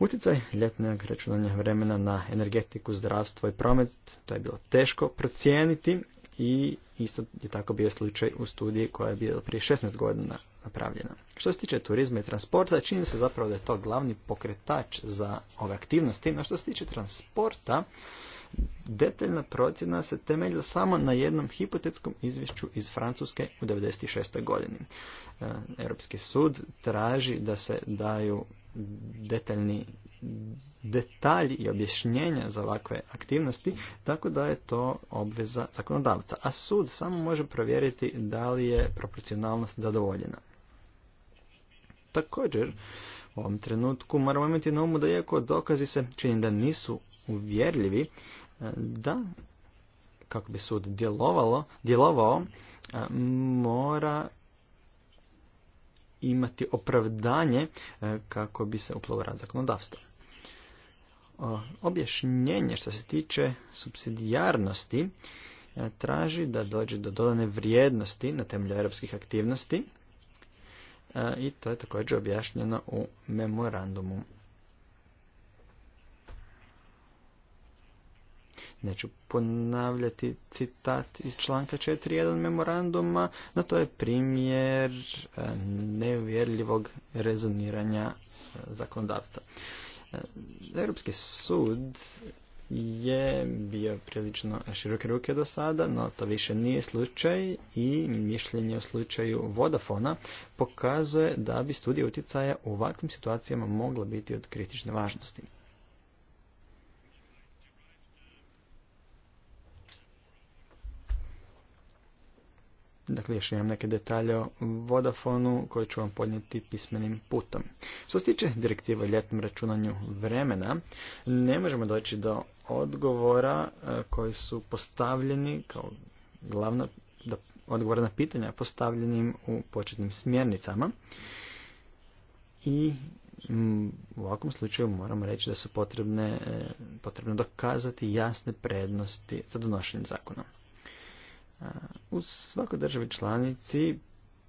Utjecaj ljetnog računanja vremena na energetiku, zdravstvo i promet, to je bilo teško procijeniti i isto je tako bio slučaj u studiji koja je bila prije 16 godina napravljena. Što se tiče turizma i transporta, čini se zapravo da je to glavni pokretač za ove aktivnosti, no što se tiče transporta, detaljna procjena se temeljila samo na jednom hipotetskom izvješću iz Francuske u 96. godini. E, Europski sud traži da se daju detaljni detalji i objašnjenja za ovakve aktivnosti, tako da je to obveza zakonodavca. A sud samo može provjeriti da li je proporcionalnost zadovoljena. Također, u ovom trenutku moramo imati na umu da iako dokazi se čini da nisu uvjerljivi, da kako bi sud djelovalo, djelovao, mora imati opravdanje e, kako bi se uplovo rad zakonodavstva. Objašnjenje što se tiče subsidijarnosti e, traži da dođe do dodane vrijednosti na temelju europskih aktivnosti e, i to je također objašnjeno u memorandumu Neću ponavljati citat iz članka 4.1 memoranduma, na to je primjer e, neuvjerljivog rezoniranja e, zakonodavstva. E, Europski sud je bio prilično široke ruke do sada, no to više nije slučaj i mišljenje o slučaju Vodafona pokazuje da bi studija utjecaja u ovakvim situacijama mogla biti od kritične važnosti. Dakle, još imam neke detalje o Vodafonu koje ću vam podnijeti pismenim putom. Što se tiče direktive o ljetnom računanju vremena, ne možemo doći do odgovora e, koji su postavljeni kao glavna odgovora na pitanja postavljenim u početnim smjernicama. I u ovakvom slučaju moramo reći da su potrebne, e, potrebno dokazati jasne prednosti za donošenje zakona. U svakoj državi članici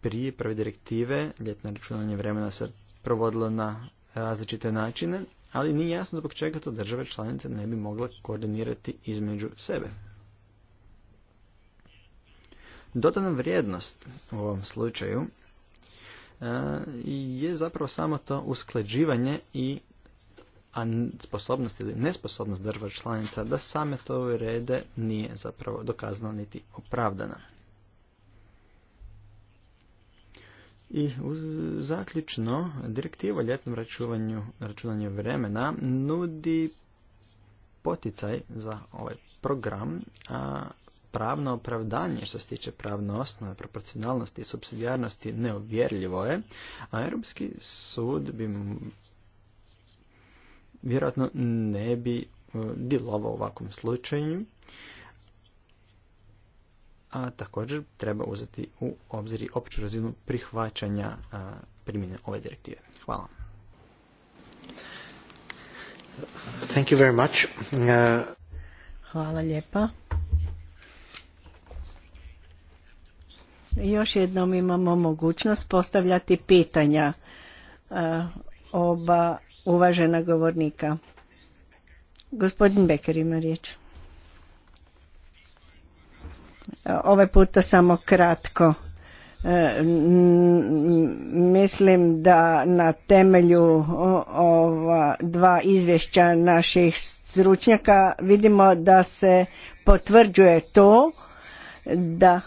prije prve direktive ljetno računanje vremena se provodilo na različite načine, ali nije jasno zbog čega to države članice ne bi mogle koordinirati između sebe. Dodana vrijednost u ovom slučaju je zapravo samo to uskleđivanje i a sposobnost ili nesposobnost država članica da same to urede nije zapravo dokazano niti opravdana. I zaključno, direktiva o ljetnom računanju, računanju vremena nudi poticaj za ovaj program, a pravno opravdanje što se tiče pravne osnove, proporcionalnosti i subsidijarnosti neuvjerljivo je, a Europski sud bi vjerojatno ne bi e, djelovao u ovakvom slučaju. A također treba uzeti u obzir opću razinu prihvaćanja primjene ove direktive. Hvala. Thank you very much. Uh, Hvala lijepa. Još jednom imamo mogućnost postavljati pitanja. E, oba uvažena govornika. Gospodin Beker ima riječ. E, ovaj puta samo kratko. E, mislim da na temelju ova dva izvješća naših stručnjaka vidimo da se potvrđuje to da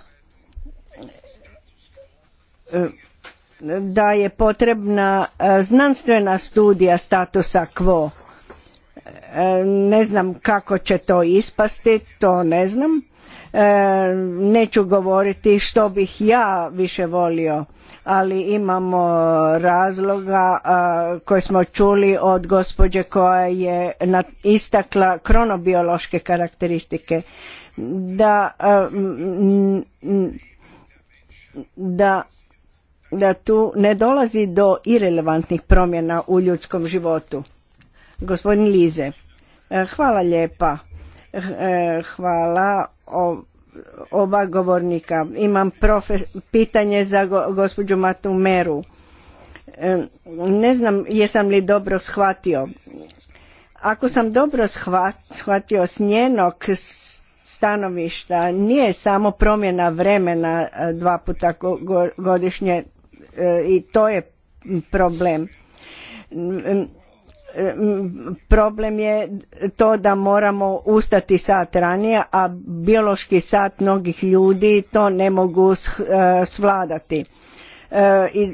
e, da je potrebna e, znanstvena studija statusa quo. E, ne znam kako će to ispasti, to ne znam. E, neću govoriti što bih ja više volio, ali imamo razloga koje smo čuli od gospođe koja je istakla kronobiološke karakteristike. Da, da da tu ne dolazi do irelevantnih promjena u ljudskom životu. Gospodin Lize, eh, hvala lijepa. Eh, eh, hvala oba govornika. Imam pitanje za gospođu gospođu Matumeru. Ne znam jesam li dobro shvatio. Ako sam dobro shvatio s njenog stanovišta nije samo promjena vremena dva puta godišnje E, i to je problem problem je to da moramo ustati sat ranije a biološki sat mnogih ljudi to ne mogu e, svladati e, i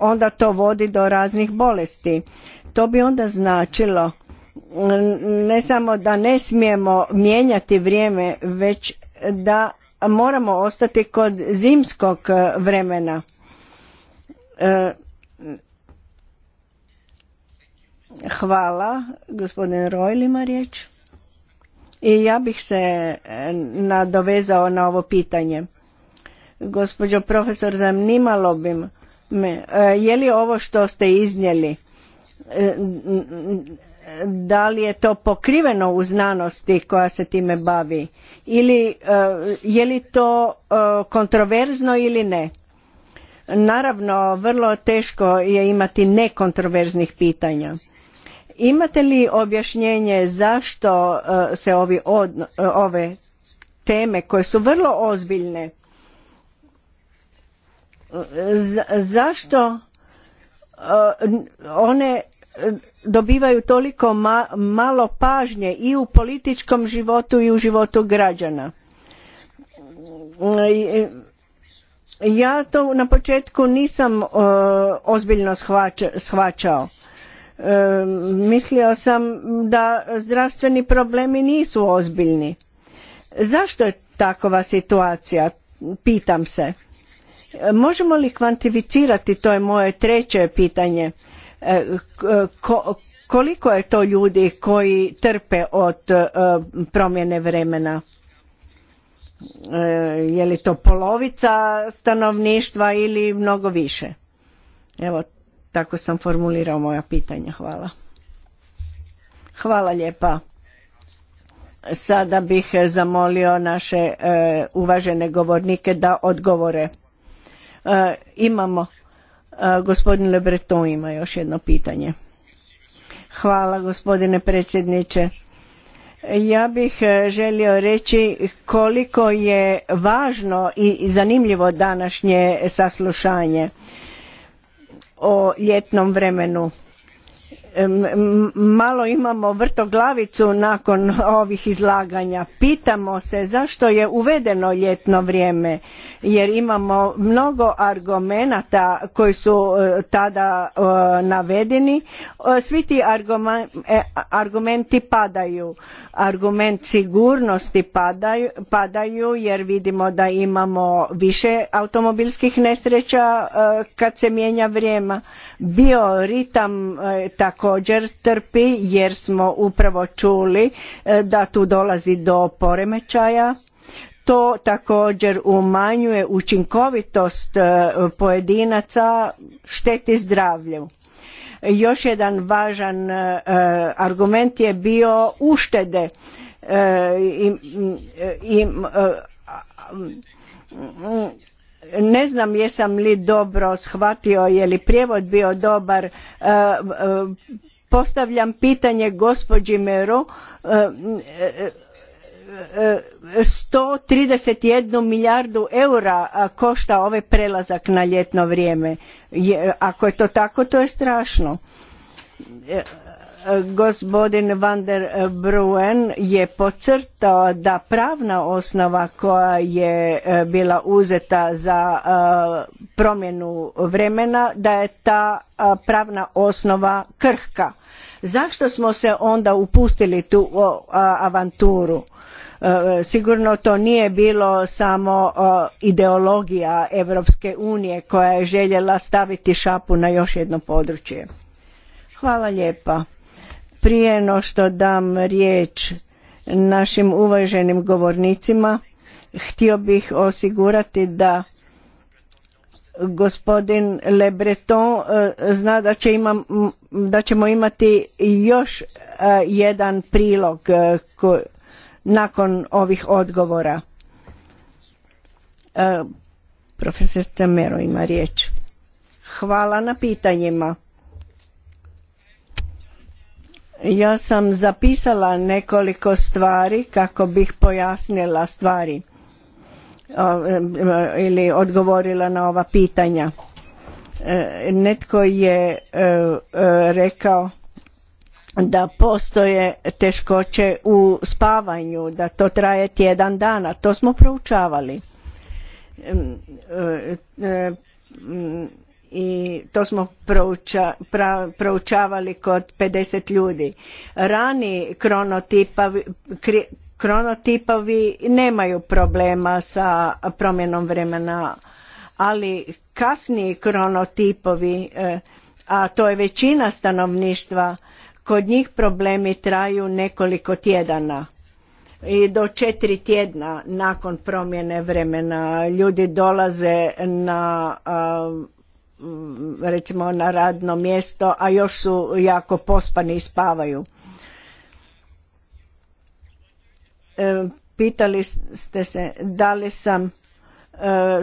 onda to vodi do raznih bolesti to bi onda značilo ne samo da ne smijemo mijenjati vrijeme već da moramo ostati kod zimskog vremena E, hvala, gospodin ima riječ. I ja bih se e, nadovezao na ovo pitanje. Gospođo profesor, zanimalo bi me, e, je li ovo što ste iznijeli, da li je to pokriveno u znanosti koja se time bavi ili je li to kontroverzno ili ne? Naravno, vrlo teško je imati nekontroverznih pitanja. Imate li objašnjenje zašto e, se ovi e, ove teme koje su vrlo ozbiljne, e, zašto one dobivaju toliko malo pažnje i u političkom životu i u životu građana ja to na početku nisam e, ozbiljno shvaćao. E, mislio sam da zdravstveni problemi nisu ozbiljni. Zašto je takova situacija? Pitam se. Možemo li kvantificirati, to je moje treće pitanje, e, koliko je to ljudi koji trpe od promjene vremena? E, je li to polovica stanovništva ili mnogo više. Evo, tako sam formulirao moja pitanja. Hvala. Hvala lijepa. Sada bih zamolio naše e, uvažene govornike da odgovore. E, imamo, gospodin Lebreton ima još jedno pitanje. Hvala gospodine predsjedniče ja bih e, želio reći koliko je važno i zanimljivo današnje saslušanje o ljetnom vremenu malo imamo vrtoglavicu nakon ovih izlaganja pitamo se zašto je uvedeno ljetno vrijeme jer imamo mnogo argumenata koji su e, tada e, navedeni svi ti argumenti padaju argument sigurnosti padaju, jer vidimo da imamo više automobilskih nesreća e, kad se mijenja vrijeme. Bioritam e, također trpi jer smo upravo čuli e, da tu dolazi do poremećaja. To također umanjuje učinkovitost pojedinaca šteti zdravlju još jedan važan e, e, argument je bio uštede e, i ne znam jesam li dobro shvatio je li prijevod bio dobar postavljam pitanje gospođi Meru 131 milijardu eura košta ovaj prelazak na ljetno vrijeme je, ako je to tako, to je strašno. E, e, gospodin Van der Bruen je pocrtao da pravna osnova koja je e, bila uzeta za promjenu vremena, da je ta pravna osnova krhka. Zašto smo se onda upustili tu avanturu? E, sigurno to nije bilo samo e, ideologija Europske unije koja je željela staviti šapu na još jedno područje. Hvala lijepa. Prije no što dam riječ našim uvaženim govornicima, htio bih osigurati da gospodin Le Breton e, zna da, da ćemo imati još jedan prilog koji nakon ovih odgovora. E, profesor Camero ima riječ. Hvala na pitanjima. Ja sam zapisala nekoliko stvari kako bih pojasnila stvari ili odgovorila na ova pitanja. E, netko je e, e, rekao da postoje teškoće u spavanju, da to traje tjedan dana. To smo proučavali. E, e, I to smo proučavali kod 50 ljudi. Rani kronotipavi, kronotipovi nemaju problema sa promjenom vremena, ali kasniji kronotipovi, e, a to je većina stanovništva, Kod njih problemi traju nekoliko tjedana i do četiri tjedna nakon promjene vremena ljudi dolaze na recimo na radno mjesto, a još su jako pospani i spavaju. E, pitali ste se da li sam e,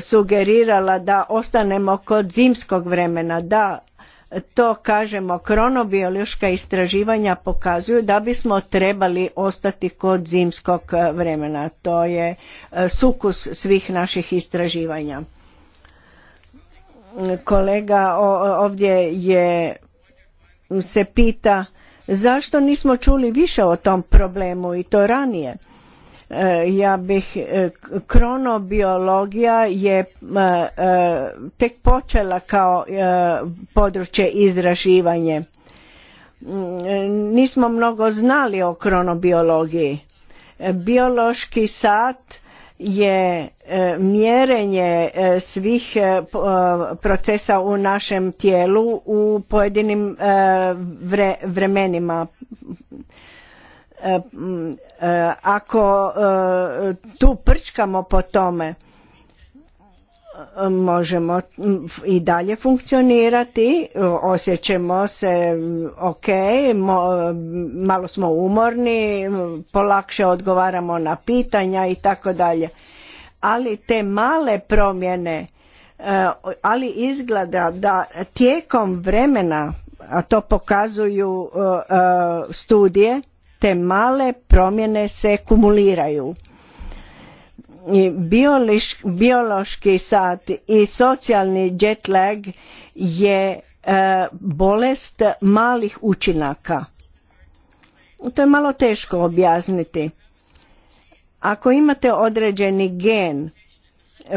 sugerirala da ostanemo kod zimskog vremena. Da, to kažemo kronobiološka istraživanja pokazuju da bismo trebali ostati kod zimskog e, vremena to je e, sukus svih naših istraživanja kolega ovdje je se pita zašto nismo čuli više o tom problemu i to ranije E, ja bih e, kronobiologija je e, tek počela kao područje izraživanje mm, nismo mnogo znali o kronobiologiji biološki sat je mjerenje svih procesa u našem tijelu u pojedinim vremenima E, e, ako e, tu prčkamo po tome možemo i dalje funkcionirati, osjećamo se ok, malo smo umorni, polakše odgovaramo na pitanja i tako dalje. Ali te male promjene, ali izgleda da tijekom vremena, a to pokazuju studije, te male promjene se kumuliraju. biološki sat i socijalni jet lag je e, bolest malih učinaka. To je malo teško objasniti. Ako imate određeni gen,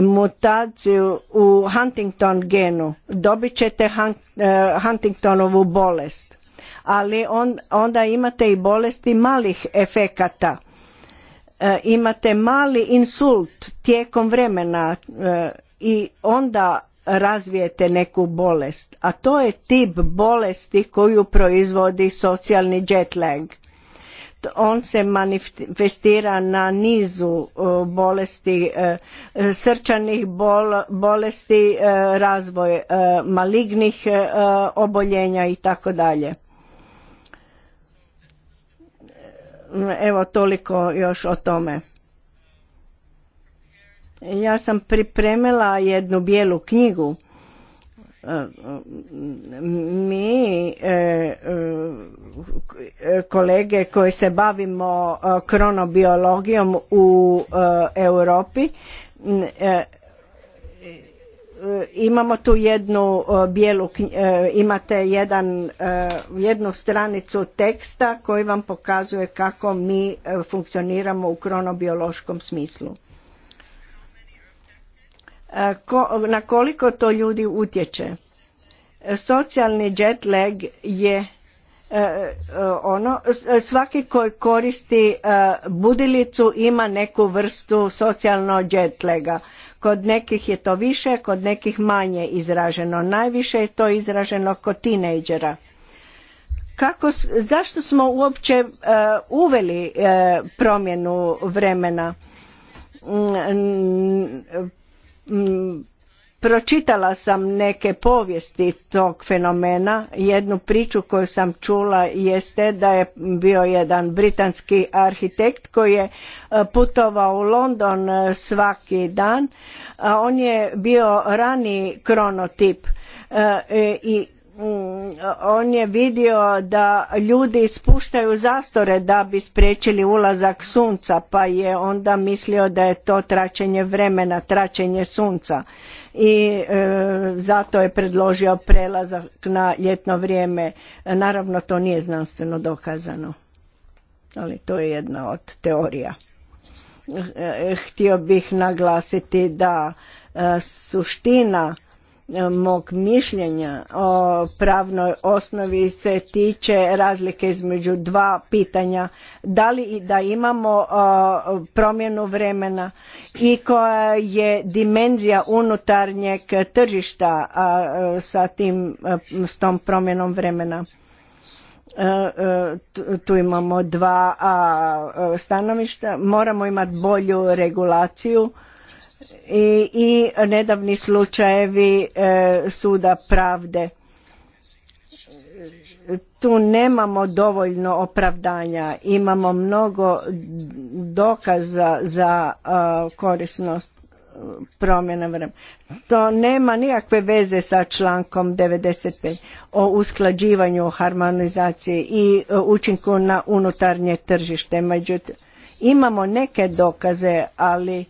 mutaciju u Huntington genu, dobit ćete e, Huntingtonovu bolest ali onda imate i bolesti malih efekata e, imate mali insult tijekom vremena e, i onda razvijete neku bolest a to je tip bolesti koju proizvodi socijalni jet lag on se manifestira na nizu e, bolesti, srčanih bolesti, razvoj malignih oboljenja i tako dalje. Evo toliko još o tome. Ja sam pripremila jednu bijelu knjigu. E, mi e, e, kolege koji se bavimo kronobiologijom u Europi imamo tu jednu e, bijelu, e, imate jedan, e, jednu stranicu teksta koji vam pokazuje kako mi funkcioniramo u kronobiološkom smislu. na koliko to ljudi utječe? Socijalni jet lag je ono, svaki koji koristi budilicu ima neku vrstu socijalno jetlaga. Kod nekih je to više, kod nekih manje izraženo. Najviše je to izraženo kod tinejdžera. Kako, zašto smo uopće e, uveli e, promjenu vremena? Mm, Pročitala sam neke povijesti tog fenomena. Jednu priču koju sam čula jeste da je bio jedan britanski arhitekt koji je e, putovao u London e, svaki dan. On je bio rani kronotip e, i mm, on je vidio da ljudi spuštaju zastore da bi spriječili ulazak sunca pa je onda mislio da je to traćenje vremena, tračenje sunca i e, zato je predložio prelazak na ljetno vrijeme. Naravno to nije znanstveno dokazano, ali to je jedna od teorija. E, e, htio bih naglasiti da suština mog mišljenja o pravnoj osnovi se tiče razlike između dva pitanja da li i da imamo promjenu vremena i koja je dimenzija unutarnjeg tržišta e, sa tim e, s tom promjenom vremena e, tu imamo dva stanovišta moramo imati bolju regulaciju i, i nedavni slučajevi e, suda pravde tu nemamo dovoljno opravdanja imamo mnogo dokaza za e, korisnost e, promjena vremena. To nema nikakve veze sa člankom 95 o usklađivanju, harmonizaciji i učinku na unutarnje tržište. Međutim, imamo neke dokaze, ali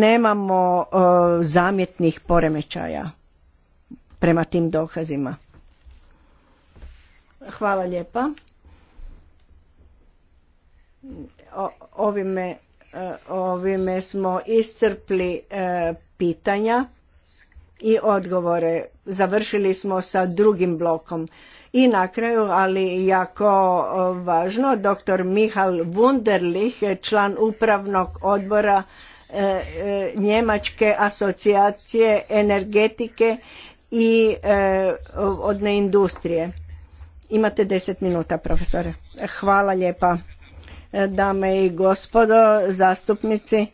nemamo e, zamjetnih poremećaja prema tim dokazima. Hvala lijepa. ovime, e, ovime smo iscrpli e, pitanja i odgovore. Završili smo sa drugim blokom. I na kraju, ali jako važno, dr. Mihal Wunderlich, član upravnog odbora E, e, njemačke asocijacije energetike i e, odne industrije. Imate deset minuta, profesore. Hvala lijepa, dame i gospodo, zastupnici.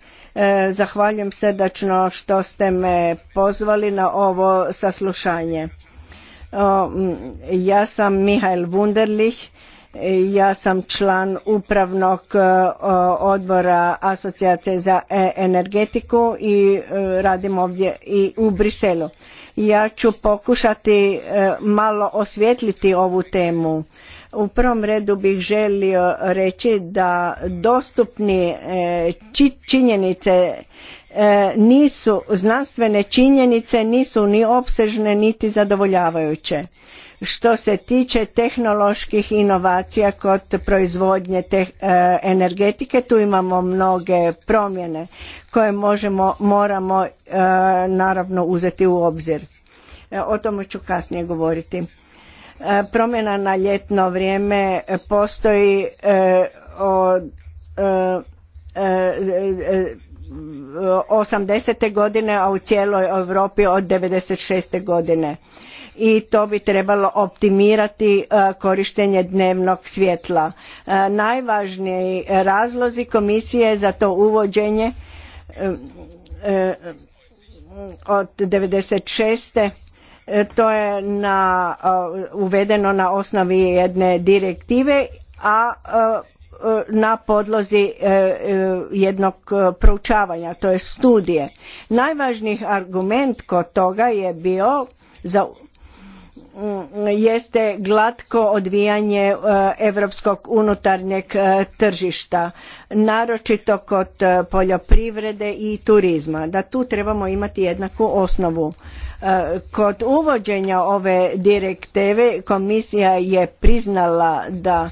Zahvaljujem srdačno što ste me pozvali na ovo saslušanje. Ja sam Mihail Wunderlich, ja sam član upravnog e, odbora Asocijacije za energetiku i e, radim ovdje i u Briselu. Ja ću pokušati e, malo osvijetliti ovu temu. U prvom redu bih želio reći da dostupni činjenice nisu, znanstvene činjenice nisu ni opsežne niti zadovoljavajuće što se tiče tehnoloških inovacija kod proizvodnje e, energetike, tu imamo mnoge promjene koje možemo, moramo e, naravno uzeti u obzir. E, o tome ću kasnije govoriti. Promjena na ljetno vrijeme postoji od 80. godine, a u cijeloj Europi od 96. godine i to bi trebalo optimirati e, korištenje dnevnog svjetla. E, najvažniji razlozi komisije za to uvođenje e, od 96. to je na, uvedeno na osnovi jedne direktive, a na podlozi jednog proučavanja, to je studije. Najvažniji argument kod toga je bio za Mm, jeste glatko odvijanje europskog unutarnjeg e, tržišta naročito kod e, poljoprivrede i turizma da tu trebamo imati jednaku osnovu e, kod uvođenja ove direktive komisija je priznala da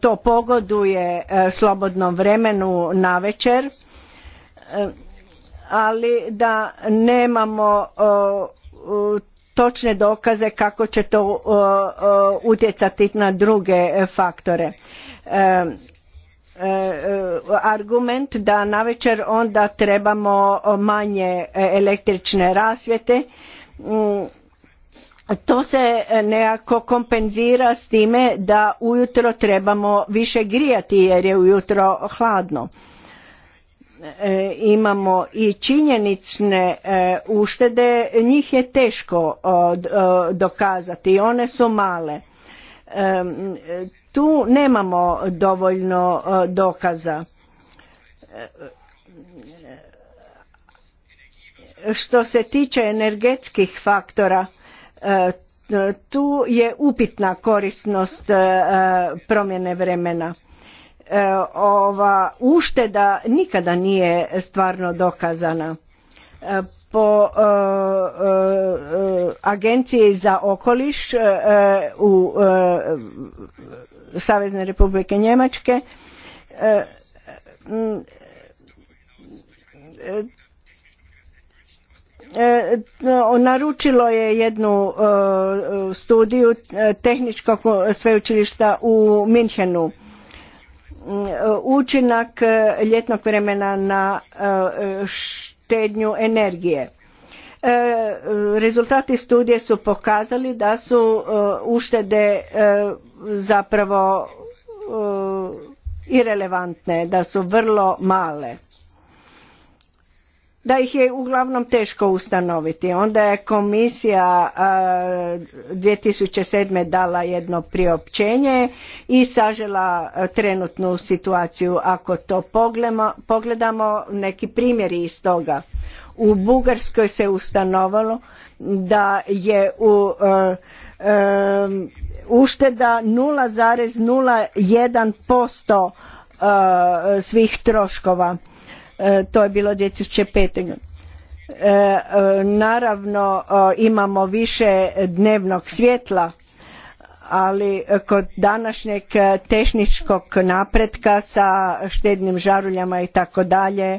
to pogoduje slobodnom vremenu večer. ali da nemamo točne dokaze kako će to utjecati na druge e, faktore. E, e, argument da navečer onda trebamo manje električne rasvjete mm, to se nekako kompenzira s time da ujutro trebamo više grijati jer je ujutro hladno E, imamo i činjenicne e, uštede, njih je teško dokazati, one su male. E, tu nemamo dovoljno dokaza. Što se tiče energetskih faktora, tu je upitna korisnost promjene vremena E, ova ušteda nikada nije stvarno dokazana e, po e, agenciji za okoliš u Savezne Republike Njemačke naručilo je jednu studiju tehničkog sveučilišta u Minhenu Mm, učinak e, ljetnog vremena na e, štednju energije. E, rezultati studije su pokazali da su uštede zapravo irelevantne, da su vrlo male da ih je uglavnom teško ustanoviti. Onda je komisija 2007. dala jedno priopćenje i sažela trenutnu situaciju. Ako to pogledamo, neki primjeri iz toga. U Bugarskoj se ustanovalo da je u ušteda 0,01% svih troškova E, to je bilo 2005. E, e, naravno imamo više dnevnog svjetla, ali kod današnjeg tehničkog napretka sa štednim žaruljama i tako dalje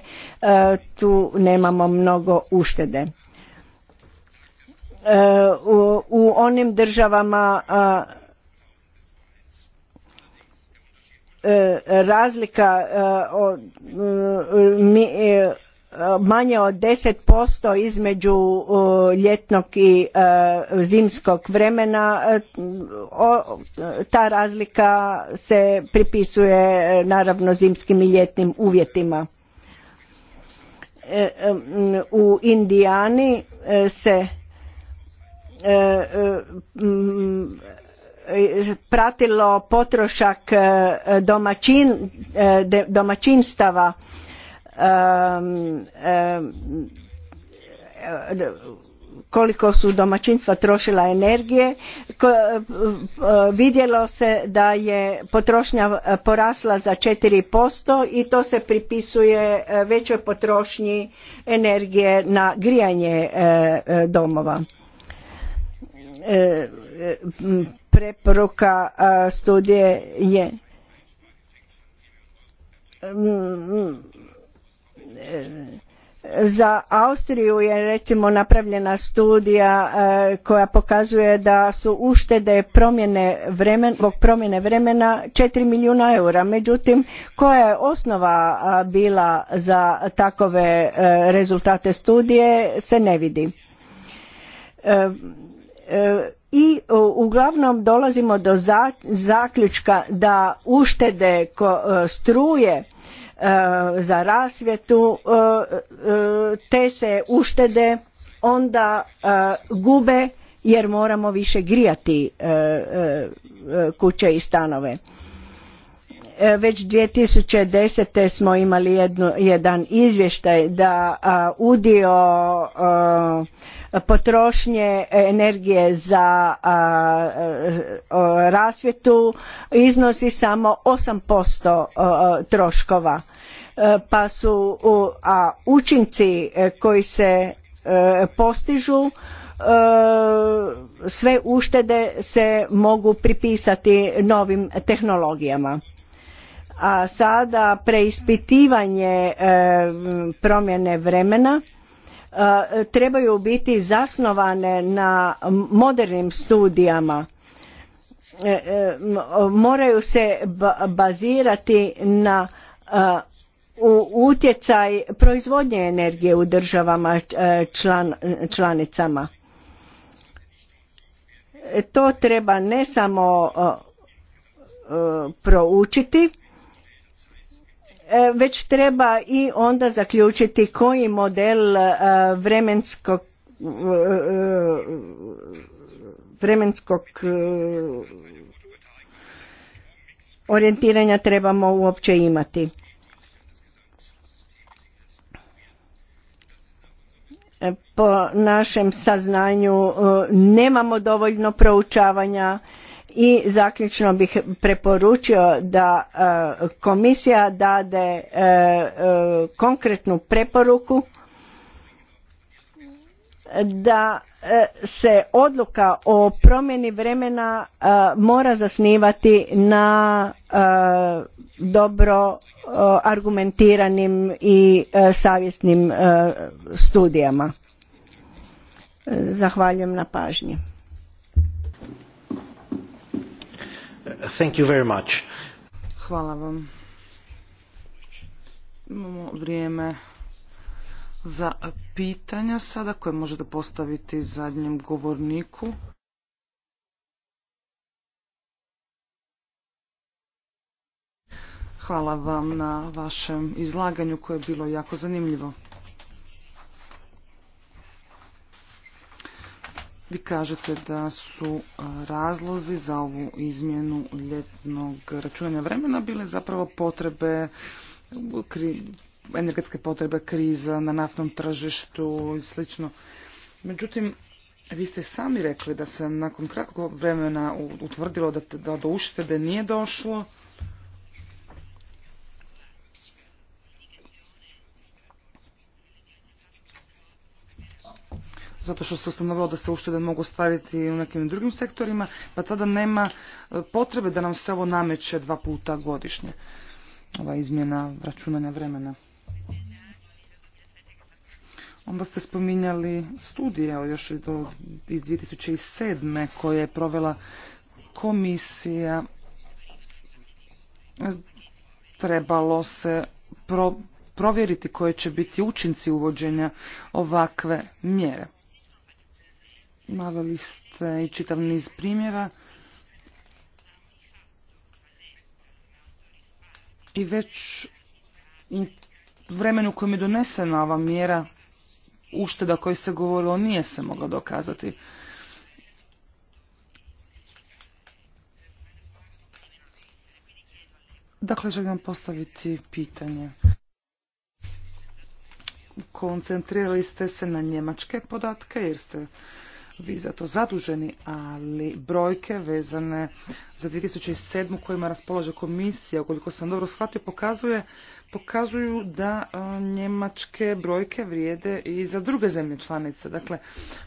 tu nemamo mnogo uštede. U, u onim državama E, razlika e, e, manje od 10% između ljetnog i zimskog vremena ta razlika se pripisuje naravno zimskim i ljetnim uvjetima u Indijani se Eh, pratilo potrošak eh, eh, domaćinstava ehm, ehm, koliko su domaćinstva trošila energije vidjelo se da je potrošnja porasla za 4% i to se pripisuje većoj potrošnji energije na grijanje domova preporuka studije je mm, mm, e, za Austriju je recimo napravljena studija e, koja pokazuje da su uštede promjene zbog promjene vremena 4 milijuna eura. Međutim, koja je osnova bila za takove e, rezultate studije se ne vidi E, i e, uglavnom dolazimo do zaključka da uštede e, struje za rasvjetu te se uštede onda gube jer moramo više grijati kuće i stanove već 2010. smo imali jedan izvještaj da udio potrošnje energije za rasvjetu iznosi samo 8% troškova e, pa su a učinci e, koji se e, postižu sve uštede se mogu pripisati novim tehnologijama a sada preispitivanje promjene vremena E, trebaju biti zasnovane na modernim studijama e, e, moraju se bazirati na utjecaj proizvodnje energije u državama članicama to treba ne samo proučiti E, već treba i onda zaključiti koji model e, vremenskog e, vremenskog orijentiranja trebamo uopće imati. Po našem saznanju nemamo dovoljno proučavanja i zaključno bih preporučio da e, komisija dade e, e, konkretnu preporuku da se odluka o promjeni vremena mora zasnivati na dobro argumentiranim i savjesnim studijama. Zahvaljujem na pažnji. Hvala vam. Imamo vrijeme za pitanja sada koje možete postaviti zadnjem govorniku. Hvala vam na vašem izlaganju koje je bilo jako zanimljivo. Vi kažete da su e, razlozi za ovu izmjenu ljetnog računanja vremena bile zapravo potrebe, energetske potrebe kriza na naftnom tržištu i slično. Međutim, vi ste sami rekli da se nakon kratkog vremena utvrdilo da, da do uštede nije došlo zato što se ustanovilo da se uštede mogu stvariti u nekim drugim sektorima, pa tada nema e, potrebe da nam se ovo nameće dva puta godišnje. Ova izmjena računanja vremena. Onda ste spominjali studije još do, iz 2007. koje je provela komisija. Trebalo se provjeriti koje će biti učinci uvođenja ovakve mjere. Naveli ste i čitav niz primjera. I već u vremenu kojem je donesena ova mjera ušteda koji se govorilo nije se mogla dokazati. Dakle, želim postaviti pitanje. Koncentrirali ste se na njemačke podatke jer ste vi za to zaduženi, ali brojke vezane za 2007. kojima raspolaže komisija, ukoliko sam dobro shvatio, pokazuje, pokazuju da njemačke brojke vrijede i za druge zemlje članice. Dakle,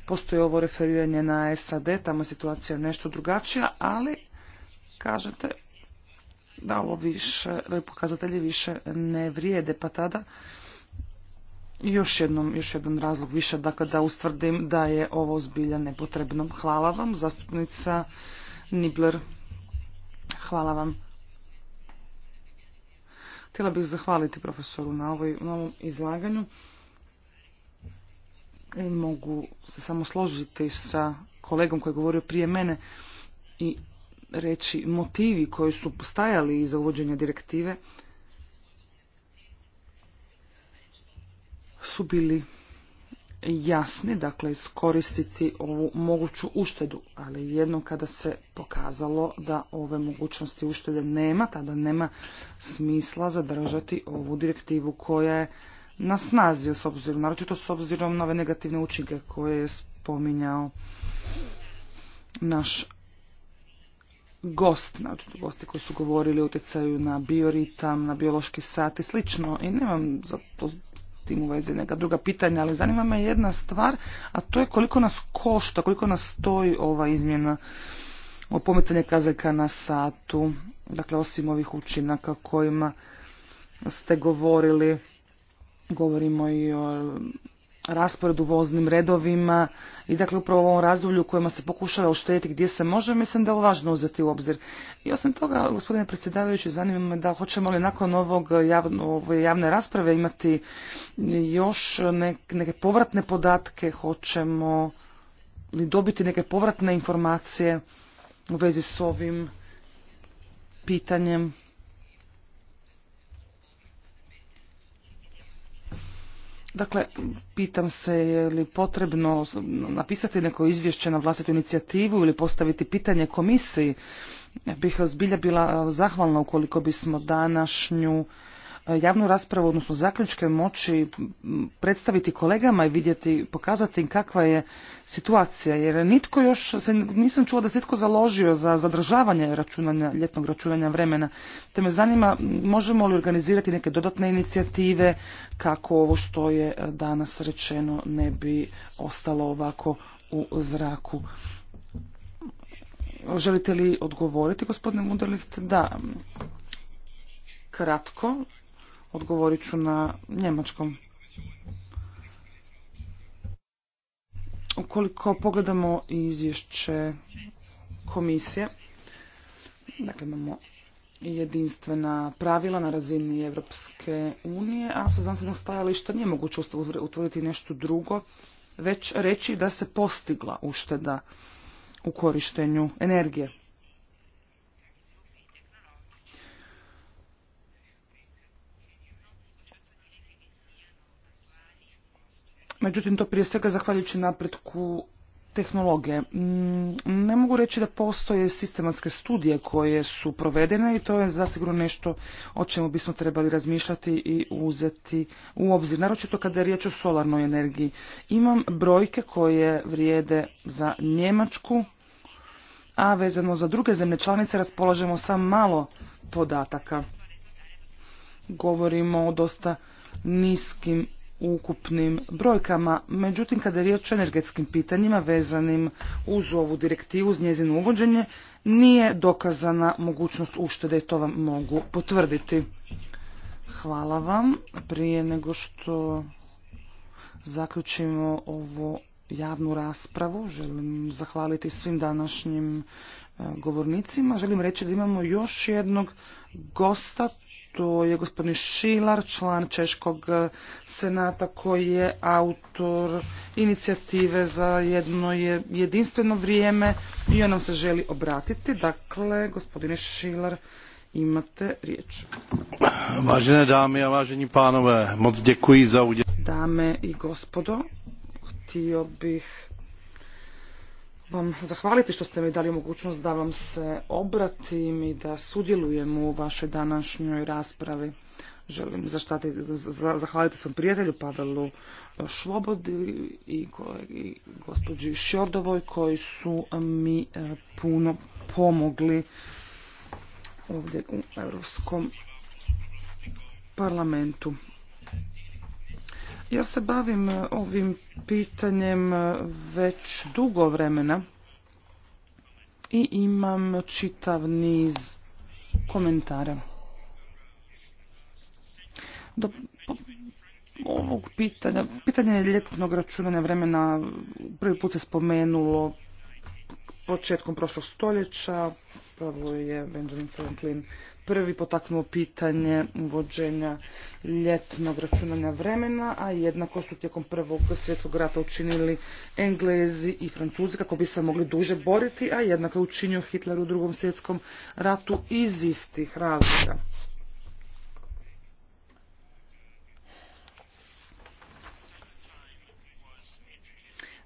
postoji ovo referiranje na SAD, tamo je situacija nešto drugačija, ali kažete da ovo više, pokazatelji više ne vrijede, pa tada još, jednom, još jedan razlog više dakle, da ustvrdim da je ovo zbilja nepotrebno. Hvala vam, zastupnica Nibler. Hvala vam. Htjela bih zahvaliti profesoru na, ovoj, ovom izlaganju. mogu se samo složiti sa kolegom koji je govorio prije mene i reći motivi koji su postajali iza uvođenja direktive su bili jasni, dakle iskoristiti ovu moguću uštedu, ali jedno kada se pokazalo da ove mogućnosti uštede nema, tada nema smisla zadržati ovu direktivu koja je na snazi s obzirom, naročito s obzirom na ove negativne učinke koje je spominjao naš gost, znači gosti koji su govorili o utjecaju na bioritam, na biološki sat i slično i nemam za to tim u vezi neka druga pitanja, ali zanima me jedna stvar, a to je koliko nas košta, koliko nas stoji ova izmjena o kazaljka na satu, dakle osim ovih učinaka kojima ste govorili, govorimo i o raspored u voznim redovima i dakle upravo u ovom razdoblju u kojima se pokušava uštediti gdje se može, mislim da je važno uzeti u obzir. I osim toga, gospodine predsjedavajući, zanima me da hoćemo li nakon ovog javne rasprave imati još neke povratne podatke, hoćemo li dobiti neke povratne informacije u vezi s ovim pitanjem. Dakle, pitam se je li potrebno napisati neko izvješće na vlastitu inicijativu ili postaviti pitanje komisiji. bih zbilja bila zahvalna ukoliko bismo današnju E, javnu raspravu, odnosno zaključke moći predstaviti kolegama i vidjeti, pokazati im kakva je situacija. Jer nitko još, se, nisam čuo da se itko založio za zadržavanje računanja, ljetnog računanja vremena. Te me zanima, možemo li organizirati neke dodatne inicijative kako ovo što je e, danas rečeno ne bi ostalo ovako u zraku. Želite li odgovoriti, gospodine Mudelicht? Da. Kratko, Odgovorit ću na njemačkom. Ukoliko pogledamo izvješće komisije, dakle imamo jedinstvena pravila na razini Evropske unije, a sa znanstvenog stajališta nije moguće utvrditi nešto drugo, već reći da se postigla ušteda u korištenju energije. Međutim, to prije svega zahvaljujući napretku tehnologije. Mm, ne mogu reći da postoje sistematske studije koje su provedene i to je zasigurno nešto o čemu bismo trebali razmišljati i uzeti u obzir, naročito kada je riječ o solarnoj energiji. Imam brojke koje vrijede za Njemačku, a vezano za druge zemlje članice raspolažemo sa malo podataka. Govorimo o dosta niskim ukupnim brojkama. Međutim, kada je riječ o energetskim pitanjima vezanim uz ovu direktivu, uz njezino uvođenje, nije dokazana mogućnost uštede i to vam mogu potvrditi. Hvala vam. Prije nego što zaključimo ovo javnu raspravu, želim zahvaliti svim današnjim govornicima. Želim reći da imamo još jednog gosta, to je gospodin Šilar, član Češkog e, senata koji je autor inicijative za jedno jedinstveno vrijeme i on nam se želi obratiti. Dakle, gospodine Šilar, imate riječ. Važene dame, a važeni panove, moc djekuji za udje... Dame i gospodo, htio bih vam zahvaliti što ste mi dali mogućnost da vam se obratim i da sudjelujem u vašoj današnjoj raspravi. Želim zahvaliti svom prijatelju Pavelu Švobodi i kolegi gospođi Šjordovoj koji su mi e, puno pomogli ovdje u Europskom parlamentu. Ja se bavim e, ovim pitanjem e, već dugo vremena i imam čitav niz komentara. Do ovog pitanja, pitanje ljetnog računanja vremena prvi put se spomenulo početkom prošlog stoljeća, zapravo je Benjamin Franklin prvi potaknuo pitanje uvođenja ljetnog računanja vremena, a jednako su tijekom Prvog svjetskog rata učinili Englezi i Francuzi kako bi se mogli duže boriti, a jednako je učinio Hitler u Drugom svjetskom ratu iz istih razloga.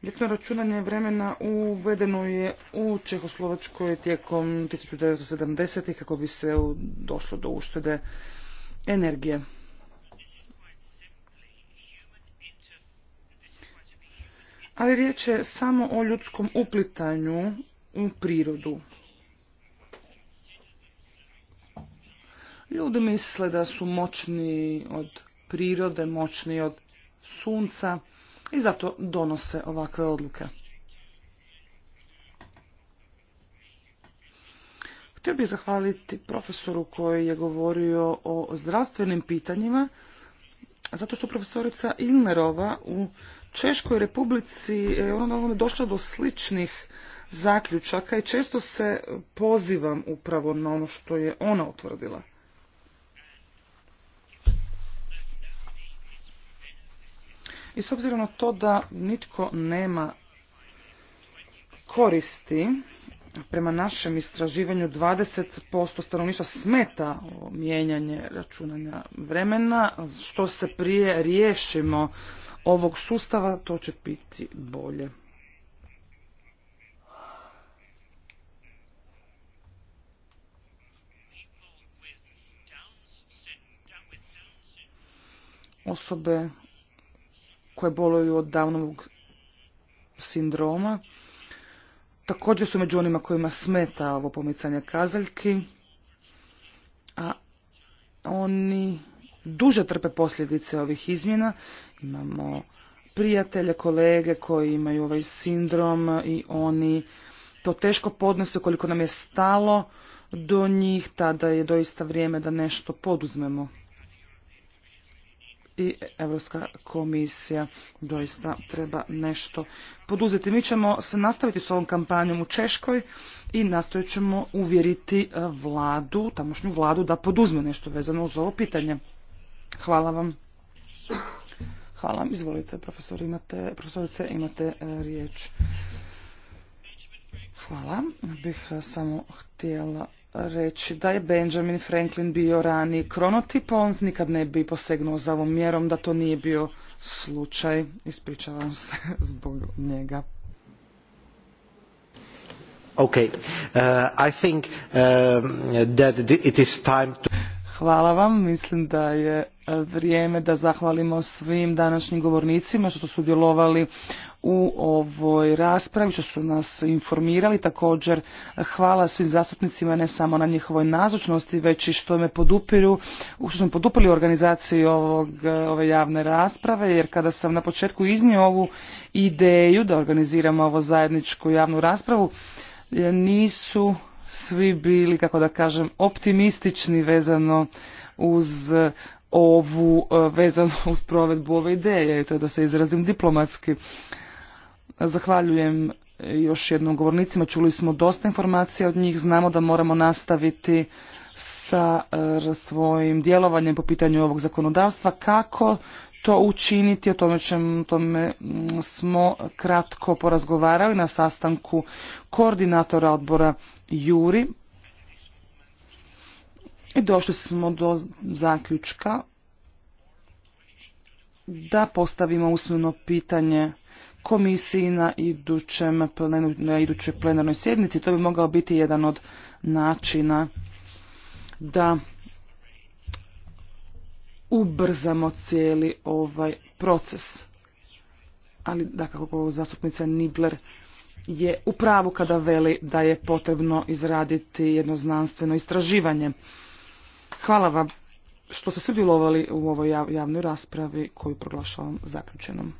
ljetno računanje vremena uvedeno je u Čehoslovačkoj tijekom 1970. kako bi se došlo do uštede energije. Ali riječ je samo o ljudskom uplitanju u prirodu. Ljudi misle da su moćni od prirode, moćni od sunca, i zato donose ovakve odluke. Htio bih zahvaliti profesoru koji je govorio o zdravstvenim pitanjima, zato što profesorica Ilnerova u Češkoj republici ona je došla do sličnih zaključaka i često se pozivam upravo na ono što je ona utvrdila. I s obzirom na to da nitko nema koristi, prema našem istraživanju 20% stanovništva smeta mijenjanje računanja vremena. Što se prije riješimo ovog sustava, to će biti bolje. Osobe koje boluju od davnog sindroma. Također su među onima kojima smeta ovo pomicanje kazaljki, a oni duže trpe posljedice ovih izmjena. Imamo prijatelje, kolege koji imaju ovaj sindrom i oni to teško podnose koliko nam je stalo do njih, tada je doista vrijeme da nešto poduzmemo i Europska komisija doista treba nešto poduzeti. Mi ćemo se nastaviti s ovom kampanjom u Češkoj i nastojat ćemo uvjeriti e, vladu, tamošnju vladu da poduzme nešto vezano uz ovo pitanje. Hvala vam. Hvala. Izvolite, profesor, imate, profesorice, imate e, riječ. Hvala. Bih e, samo htjela reći da je Benjamin Franklin bio rani kronotip, on nikad ne bi posegnuo za ovom mjerom, da to nije bio slučaj. Ispričavam se zbog njega. Okay. Uh, I think um, that it is time to... Hvala vam, mislim da je vrijeme da zahvalimo svim današnjim govornicima što su sudjelovali u ovoj raspravi što su nas informirali. Također hvala svim zastupnicima ne samo na njihovoj nazočnosti već i što me podupiru, što smo podupili organizaciji ovog, ove javne rasprave jer kada sam na početku iznio ovu ideju da organiziramo ovo zajedničku javnu raspravu nisu svi bili, kako da kažem, optimistični vezano uz ovu, vezano uz provedbu ove ideje, i to je da se izrazim diplomatski. Zahvaljujem još jednom govornicima. Čuli smo dosta informacija od njih. Znamo da moramo nastaviti sa e, svojim djelovanjem po pitanju ovog zakonodavstva. Kako to učiniti? O tome, tome mm, smo kratko porazgovarali na sastanku koordinatora odbora Juri. I došli smo do zaključka da postavimo usmeno pitanje komisiji na, idućem, na idućoj plenarnoj sjednici. To bi mogao biti jedan od načina da ubrzamo cijeli ovaj proces. Ali, dakako, zastupnica Nibler je u pravu kada veli da je potrebno izraditi jedno znanstveno istraživanje. Hvala vam što ste sudjelovali u ovoj javnoj raspravi koju proglašavam zaključenom.